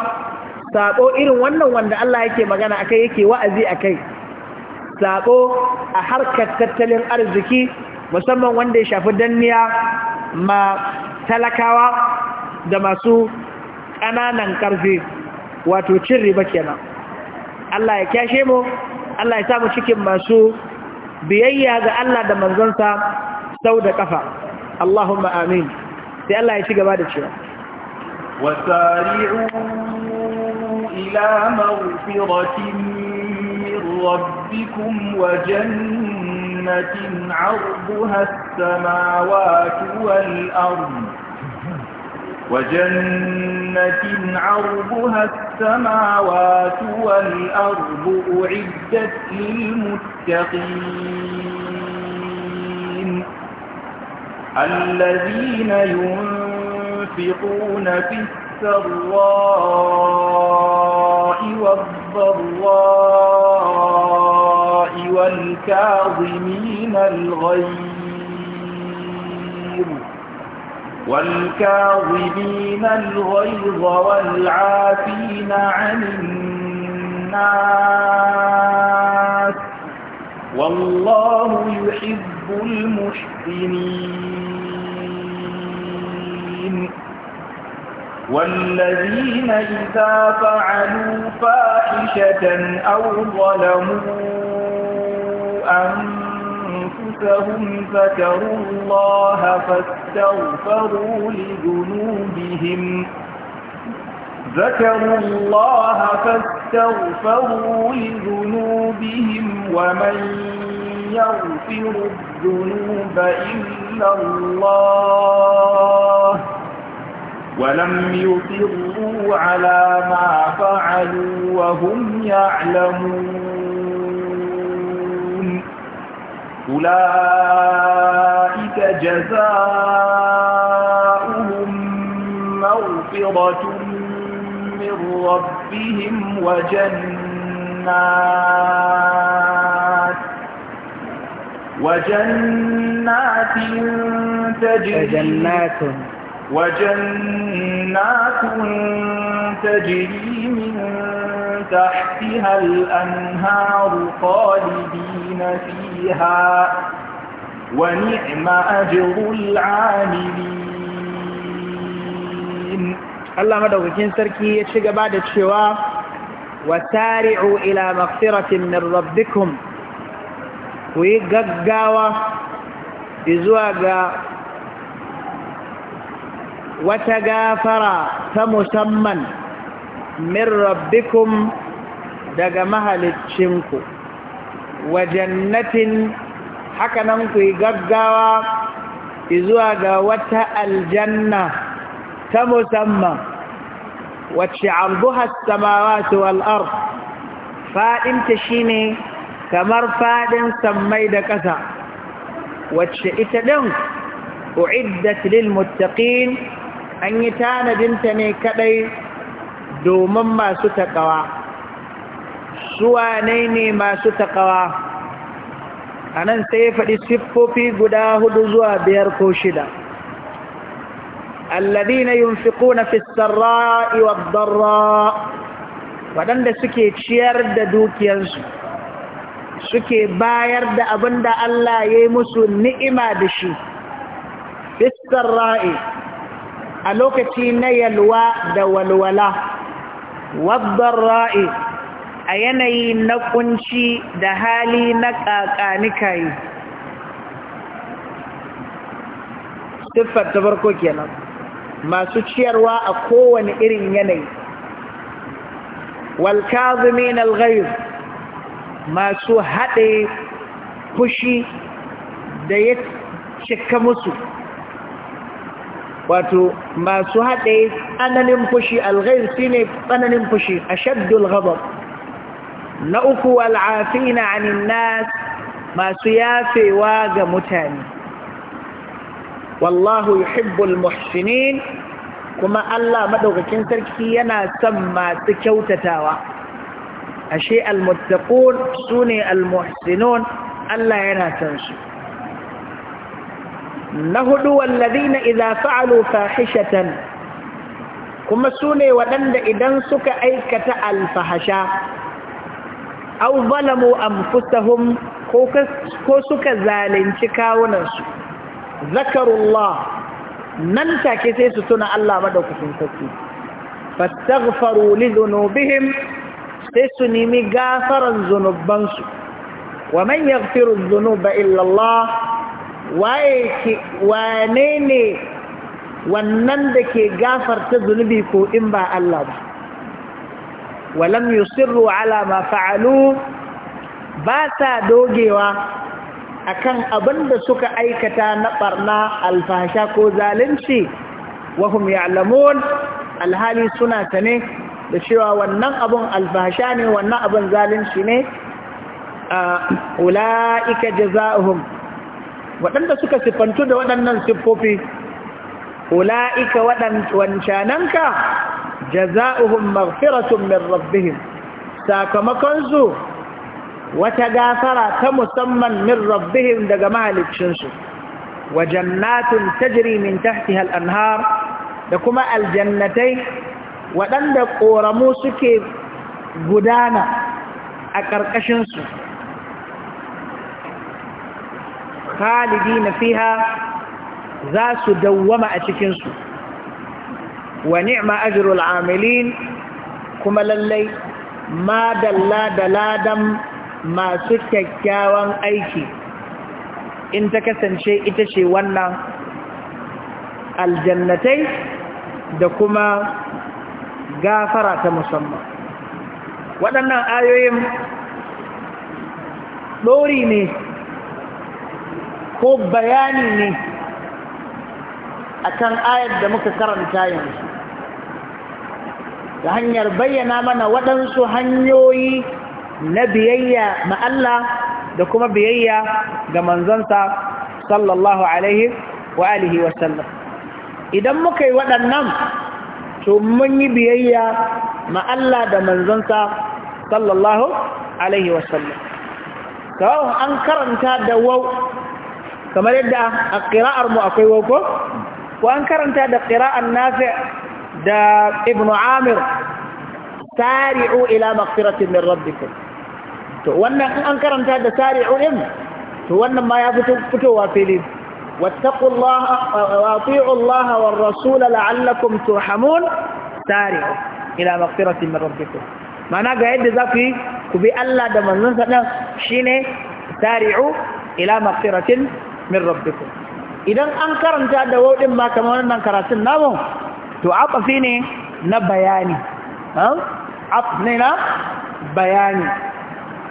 saƙo irin wannan wanda Allah yake magana akai yake wa'azi akai saƙo a harkar tattalin arziki musamman wanda ya shafi danniya ma talakawa da masu ƙananan ƙarfi wato cin riba kenan Allah ya kyashe mu Allah ya samu cikin masu biyayya ga Allah da manzonsa sau da ƙafa. Allahumma amin sai Allah ya ci gaba da cewa wasari'u ila maghfiratin min rabbikum wa jannatin 'arduha as-samawati wal وجنة عرضها السماوات والأرض أعدت للمتقين الذين ينفقون في السراء والضراء والكاظمين الغيظ والكاظمين الغيظ والعافين عن الناس والله يحب المحسنين والذين إذا فعلوا فاحشة أو ظلموا أنفسهم ذكروا الله فاستغفروا استغفروا لذنوبهم ذكروا الله فاستغفروا لذنوبهم ومن يغفر الذنوب إلا الله ولم يصروا على ما فعلوا وهم يعلمون أولئك جزاؤهم مغفرة من ربهم وجنات وجنات تجري وجنات وجنات تجري من تحتها الأنهار خالدين خالدين فيها ونعم أجر العاملين الله مدوكين سركي يتشق بعد الشواء وسارعوا إلى مغفرة من ربكم ويقققوا بزواق وتغافر فمسمى من ربكم دقمها للشنكو wa jannatin hakanan ku yi gaggawa zuwa ga wata aljanna ta musamman wacce arduha samawa wal faɗinta fadinta shine kamar fadin sammai da ƙasa wacce ita ɗin uiddat lil muttaqin an yi tanadinta ne kadai domin masu taƙawa? suwa ne ne masu takawa a nan sai ya faɗi siffofi guda hudu zuwa biyar ko shida alladina yunfiquna fi sarra'i wad darra waɗanda suke ciyar da dukiyarsu suke bayar da abin da Allah ya yi musu ni'ima da shi fi sarra'i a lokaci na yalwa da walwala wad darra'i a yanayi na kunci da hali na kakanikayi siffar ta farko kenan masu ciyarwa a kowane irin yanayi walkazimin alghayr masu haɗe fushi da ya cika musu wato masu haɗe tsananin fushi alghayr shine tsananin fushi a ashaddul ghadab na uku wal'afina anin nas masu yafewa ga mutane wallahu yuhibbul muhsinin kuma Allah maɗaukakin sarki yana son masu kyautatawa ashe almuttaqun sune almuhsinun Allah yana son su na hudu wallazina idza fa'alu fahishatan kuma sune waɗanda idan suka aikata alfahasha aw zalamu anfusahum ko ko suka zalunci kawunansu zakarullah nan take sai su tuna Allah madaukakin sarki fastaghfaru li dhunubihim sai su nemi gafaran zunubansu wa man yaghfiru dhunuba illa Allah waye wane ne wannan da ke gafarta zunubi ko in ba Allah ba walam yusirru ala ma fa'alu ba sa dogewa akan abin da suka aikata na barna alfasha ko zalunci wahum ya'lamun alhali suna ta ne da cewa wannan abun alfasha ne wannan abun zalunci ne ula'ika jaza'uhum waɗanda suka siffantu da waɗannan siffofi ula'ika wancananka jaza'uhum maghfiratun min rabbihim sakamakon su wata gafara ta musamman min rabbihim daga mahaliccinsu wa jannatun tajri min tahtiha al-anhar da kuma aljannatai waɗanda ƙoramu suke gudana a ƙarƙashinsu khalidi na fiha za su dawwama a cikin su. wa ni'ma ajrul amilin kuma lallai ma dalla da ladan masu kyakkyawan aiki in ta kasance ita ce wannan aljannatai da kuma gafara ta musamman waɗannan ayoyin ɗori ne ko bayani ne akan ayar da muka karanta yanzu ta hanyar bayyana mana waɗansu hanyoyi na biyayya ma Allah da kuma biyayya ga manzansa sallallahu alaihi wa alihi wa sallam idan muka yi waɗannan to mun yi biyayya ma Allah da manzansa sallallahu alaihi wa sallam kawai an karanta da wau kamar yadda a ƙira'ar mu akwai wau ko ko an karanta da ƙira'ar nafi' da ibn amir sari'u ila maghfiratin min rabbikum to wannan an karanta da sari'u din to wannan ma ya fito fitowa fili wattaqullaha wa ati'u Allah war rasul la'allakum turhamun sari'u ila maghfiratin min rabbikum mana ga yadda za ku bi Allah da manzon sa dan shine sari'u ila maghfiratin min rabbikum idan an karanta da wudin ma kamar wannan karatun namu to fi ne na bayani na bayani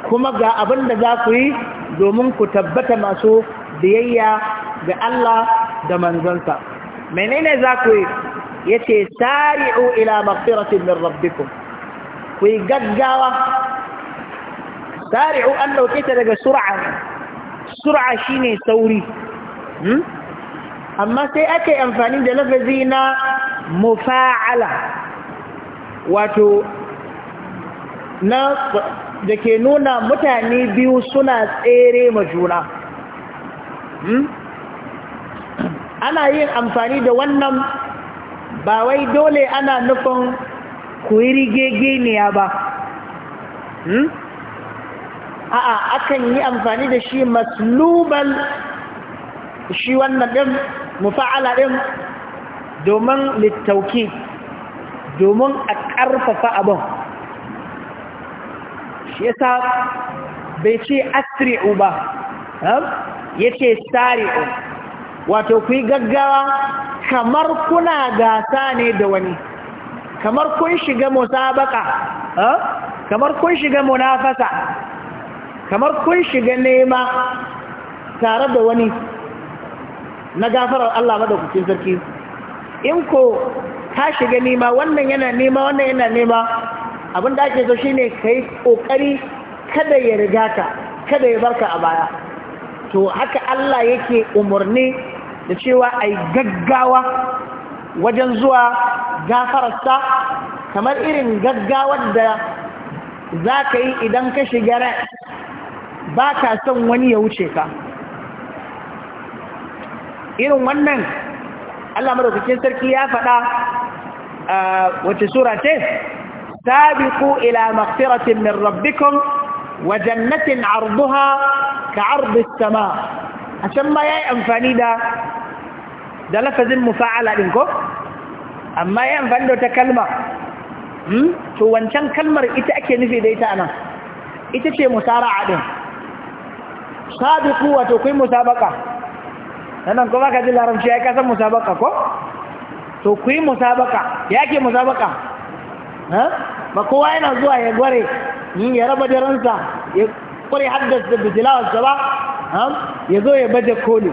kuma ga abin da za ku yi domin ku tabbata masu biyayya ga Allah da manzanta menene za ku yi ce tari'u ila maghfiratin min rabbikun ku yi gaggawa sari'u an dauke ta daga sur'a sur'a shine sauri hmm? amma sai aka yi amfani da lafazi na mufa'ala wato na da ke nuna mutane biyu suna tsere majuna juna hmm? ana yin amfani da wannan ba wai dole ana nufin kuyi rigegeniya ba hmm? a'a akan yi amfani da shi maslubal shi wannan ɗin mufa'ala ɗin domin littauki domin a ƙarfafa abin shi yasa bai ce asri'u ba ya ce sari'u wato ku yi gaggawa kamar kuna gasa ne da wani kamar kun shiga musabaka kamar kun shiga munafasa kamar kun shiga nema tare da wani na gafarar Allah madaukakin sarki in ko ka shiga nema wannan yana nema wannan yana nema abin da ake so shine kai kokari kada ya riga ka kada ya barka a baya to haka Allah yake umarni da cewa ai gaggawa wajen zuwa gafararsa kamar irin gaggawar da za ka yi idan ka shiga ba ka son wani ya wuce ka irin wannan Allah madaukakin sarki ya faɗa wace sura ce sabiqu ila maghfiratin min rabbikum wa jannatin 'arduha ka as-sama' a can ma yayi amfani da da lafazin mufa'ala din ko amma yayi amfani da ta kalma hmm? to wancan kalmar ita ake nufi da ita anan ita ce musara'a din sabiqu wato kai musabaka nan ko baka laramci larabci ya kasan musabaka ko to ku yi musabaka ya ke musabaka ba kowa yana zuwa ya gware hmm, ya raba daransa ya kware haddasa da tilawarsa ba ya zo ya baje koli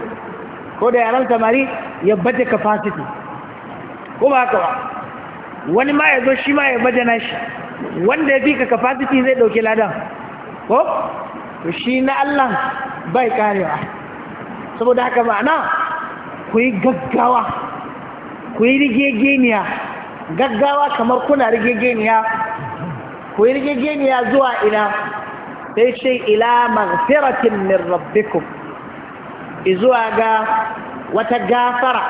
ko da yaran samari ya baje capacity ko ba haka ba wani ma ya zo shi ma ya baje nashi wanda ya fi ka capacity zai ɗauki ladan ko to shi na Allah bai karewa saboda haka ma'ana ku yi gaggawa ku yi rigegeniya gaggawa kamar kuna rigegeniya ku yi rigegeniya zuwa ina sai ce ila magfiratin min rabbikum izuwa ga wata gafara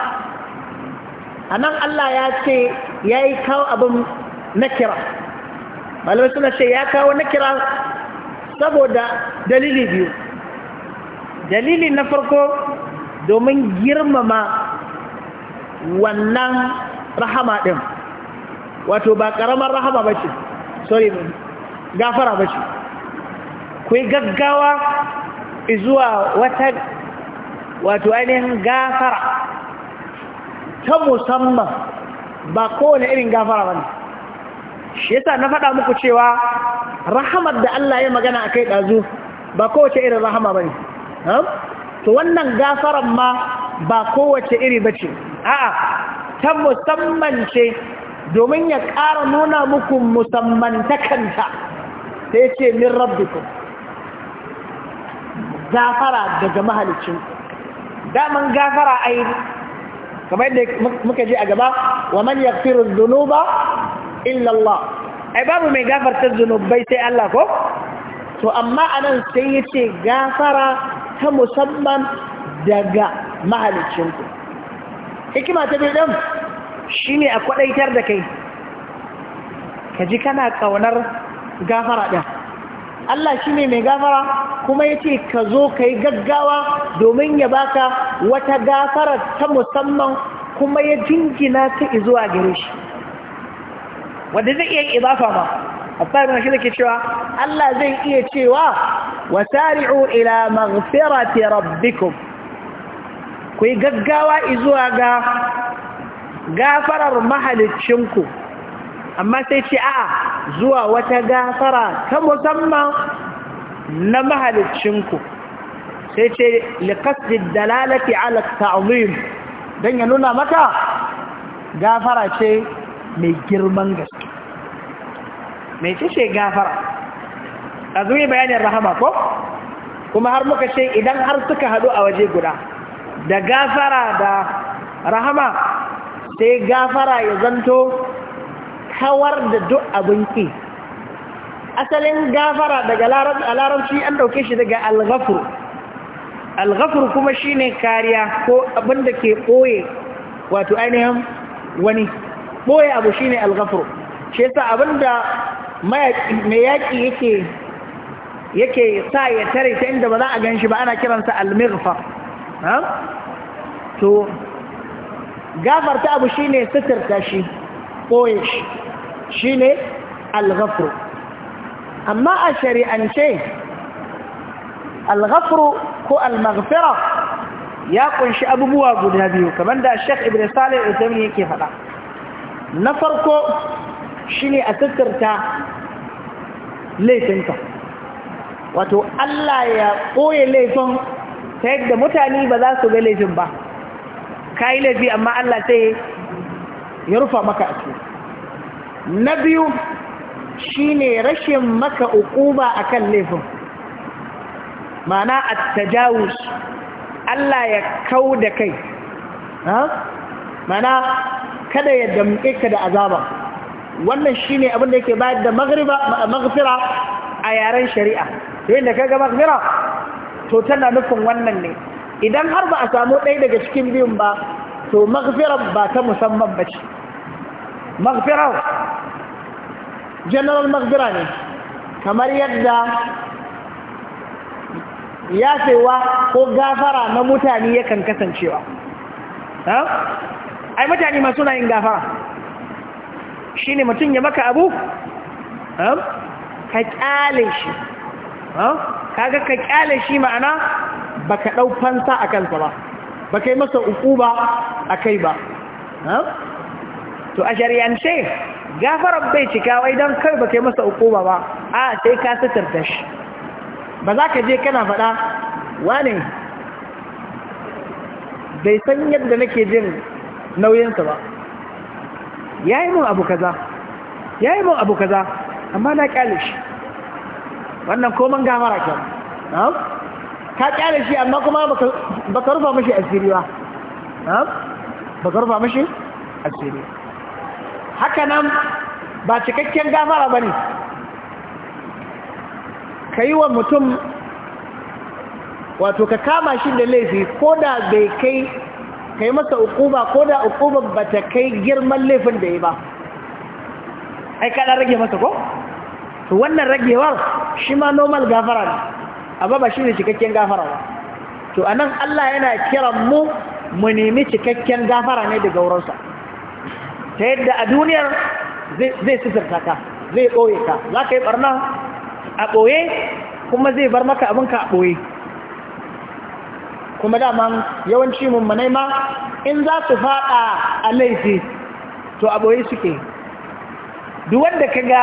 a nan Allah ya ce ya yi kawo abin nakira malamai suna ce ya kawo nakira saboda dalili biyu dalili na farko domin girmama wannan rahama ɗin wato ba ƙaramar rahama ba ce sorry gafara ba ce ku yi gaggawa zuwa wata wato ainihin gafara ta musamman ba kowane irin gafara ba ne shi yasa na faɗa muku cewa rahamar da Allah ya magana a kai ɗazu ba kowace irin rahama ba ne to wannan gafaran ma ba kowace iri ba ce a'a ta musamman ce domin ya ƙara nuna muku musamman musammantakanta sai ce min rabbikum gafara daga mahalicin daman gafara ai kamar yadda muka ji a gaba wa man yaghfiru dhunuba illa Allah ai babu mai gafartar zunubai sai Allah ko to amma anan sai yace gafara ta musamman daga mahalicinku hikima ta bidan shi ne a kwadaitar da kai ka ji kana ƙaunar gafara ɗin Allah shi ne mai gafara kuma ya ce ka zo ka yi gaggawa domin ya baka wata gafara ta musamman kuma ya jingina ta izuwa gare shi wadda zai iya ibafa ba abba shi nake cewa Allah zai iya cewa wasari'u ila maghfirati rabbikum ku yi gaggawa izuwa ga gafarar mahalicinku amma sai ce a'a zuwa wata gafara ta musamman na mahalicinku sai ce liqasdid dalalati ala ta'zim dan ya nuna maka gafara ce mai girman gaske mai ce ce gafara a zuwa bayanin rahama ko kuma har muka ce idan har suka haɗu a waje guda da gafara da rahama sai gafara ya zanto kawar da duk abin asalin gafara daga larabci an ɗauke shi daga alghafur alghafur kuma shine kariya ko abin ke ɓoye wato ainihin wani ɓoye abu shine alghafur shi yasa abinda mai yaƙi yake yake sa ya tare ta inda ba za a gan shi ba ana kiransa almirfa to gafarta abu shi ne suturta shi ɓoye shi shi ne alghafru amma a shari'ance alghafru ko almaghfira ya kunshi abubuwa guda biyu kamar da shek ibrahim salih yake faɗa na farko shine a kakarta laifinka wato Allah ya ɓoye laifin ta yadda mutane ba za su ga laifin ba ka yi laifi amma Allah sai ya rufa maka a na biyu ne rashin maka ukuba akan laifin Mana a tajawuz Allah ya kau da kai Mana kada ya damƙe ka da azaba wannan shine abin da yake bayar da magfira a yaren shari'a yayin da kaga maghfira to tana nufin wannan ne idan har ba a samu ɗaya daga cikin biyun ba to maghfirar ba ta musamman ba ce general magfira ne kamar yadda yafewa ko gafara na mutane yakan kasancewa ai mutane masu na yin gafara shi ne mutum ya maka abu ka kyale shi kaga ka kyale shi ma'ana ba ka ɗau fanta a kansa ba ba kai masa uku ba a kai ba to a shari'ance gafarar bai cika wai don kai ba kai masa uku ba ba a sai ka da shi ba za ka je kana faɗa wane bai san yadda nake jin nauyinsa ba ya yi mun abu kaza ya yi mun abu kaza amma na kyale shi wannan koman gamara ke ka kyale shi amma kuma baka rufa mashi asiri ba baka rufa mashi asiri haka nan ba cikakken gamara ba ne ka yi wa mutum wato ka kama shi da laifi ko da bai kai Ka yi masa ukuba ko da ukuban ba ta kai girman laifin da ya ba ai kada rage masa ko to wannan ragewar shi ma normal gafara ne amma ba shi ne cikakken gafara ba to anan Allah yana kiran mu mu nemi cikakken gafara ne daga wurinsa ta yadda a duniyar zai sisirta ka zai ɓoye ka za ka yi ɓarna a ɓoye kuma zai bar maka abinka a ɓoye kuma daman yawanci mummanai ma in za su fada a laifi to aboye suke Duwanda ka ga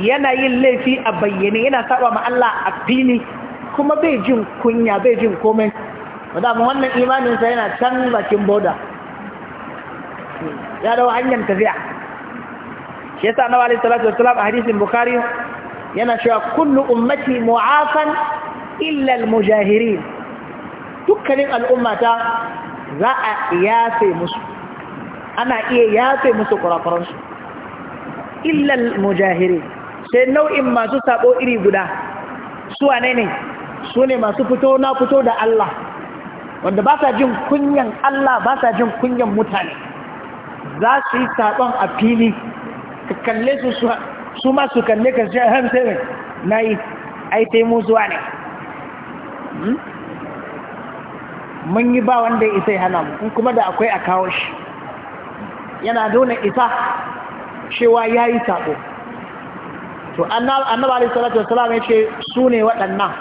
yanayin laifi a bayyane yana saba ma Allah a kuma bai jin kunya bai jin komai madaman wannan imaninsa yana can bakin boda ya dawo hanyar tafiya shi yasa na talatu da wasalam a hadisin bukhari yana cewa kullu ummati mu'afan illal mujahirin dukkanin al'ummata za a yafe musu ana iya yafe musu kurakuransu illal mujahiri sai nau'in masu sabo iri guda su wane ne su ne masu fito na fito da Allah wanda ba sa jin kunyan Allah ba sa jin kunyan mutane za su yi saɓon a fili ka kalle su su masu su kalle ka shi ne, na yi aitai musuwa ne hmm? mun yi ba wanda ya isa ya hana mu in kuma da akwai a kawo shi yana nuna isa cewa ya yi sabo to annaba alai salatu salam ya ce su ne waɗannan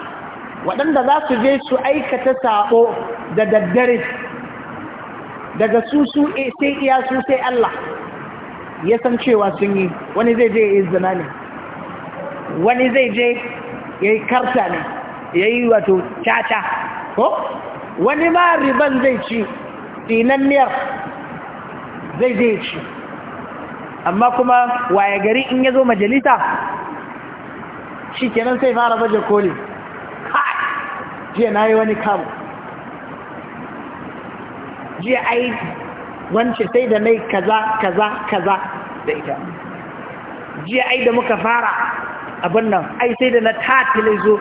waɗanda za su je su aikata sabo da daddare daga su su eh, sai iya su sai Allah ya san cewa sun yi wani zai je ya yi zina ne wani zai je ya yi karta ne ya yi wato caca ko wani ma riban zai ci tsinanniyar zai zai ci amma kuma waye gari in ya zo majalisa shi kenan sai fara baje koli jiya na yi wani kamu jiya ai wance sai da nai kaza kaza kaza da ita jiya ai da muka fara abin nan ai sai da na tatile zo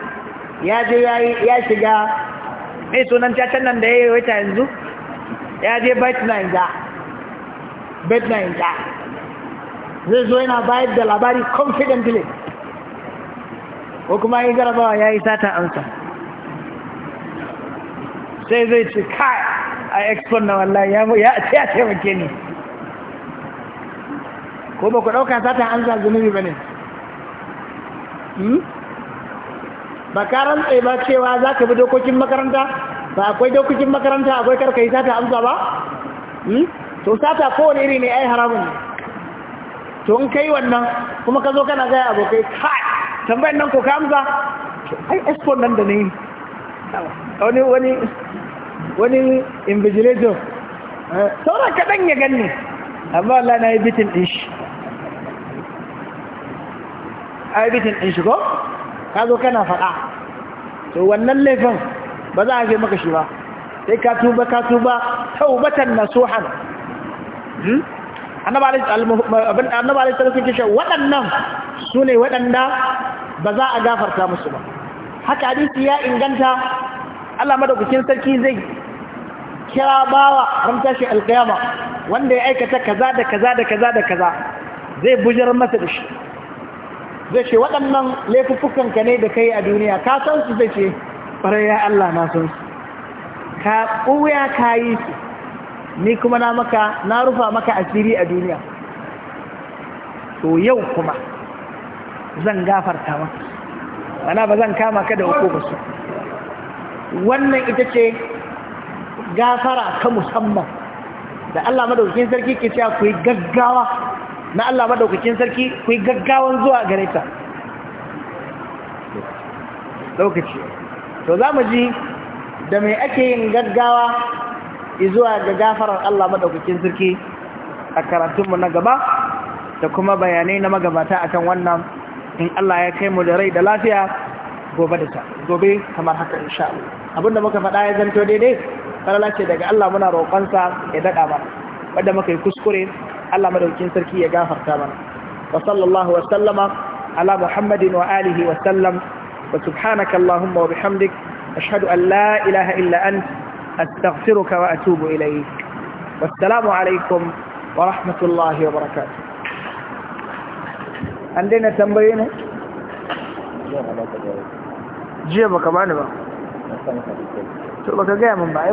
ya je ya shiga mai sunan cacan nan da ya yi wata yanzu ya je bet naija bet naija zai zo yana bayar da labari confidently ko kuma yi garabawa ya yi sata amsa sai zai ce kai a export na wallahi ya ce ya taimake ni ko ba ku ɗauka sata amsa zunubi ba ne hmm? ba ka rantse ba cewa za ka bi dokokin makaranta ba akwai dokokin makaranta akwai karka yi sata amsa ba hmm? to sata kowane iri ne ai haramun to in kai wannan kuma ka zo kana gaya abokai kai tambayin nan ko ka amsa ai expo nan da ne wani wani wani invigilator eh, saura kaɗan ya ganni amma Allah na yi bitin ɗin shi a yi bitin ɗin shi ko? ka zo kana faɗa to wannan laifin ba za a fi maka shi ba sai ka tuba ka tuba taubatan nasuhan annaba alaihi salatu ke waɗannan su ne waɗanda ba za a gafarta musu ba haka hadisi ya inganta Allah madaukakin sarki zai kira bawa ran tashi alkiyama wanda ya aikata kaza da kaza da kaza da kaza zai bujar masa da shi zai ce waɗannan laifukan ka ne da kai a duniya ka san su zai ce ƙwarai ya Allah na san su ka ɓuya ka yi su ni kuma na maka na rufa maka asiri a duniya to yau kuma zan gafarta maka mana ba zan kama ka da ba su wannan ita ce gafara ta musamman da Allah madaukin sarki ke cewa ku yi gaggawa na Allah madaukakin sarki ku yi gaggawan zuwa gare ta lokaci to za mu ji da mai ake yin gaggawa zuwa ga gafarar Allah madaukakin sarki a karatun mu na gaba da kuma bayanai na magabata akan wannan in Allah ya kai mu da rai da lafiya gobe da ta gobe kamar haka insha Allah abinda muka faɗa ya zanto daidai farala ce daga Allah muna roƙonsa ya daɗa ba wadda muka yi kuskure Allah madaukin sarki ya gafarta mana wa sallallahu wa sallama ala muhammadin wa alihi wa sallam wa subhanaka allahumma wa bihamdik ashhadu an la ilaha illa ant astaghfiruka wa atubu ilayk wassalamu alaikum wa rahmatullahi wa barakatuh an daina tambaye ne jiya baka bani ba to baka gaya min ba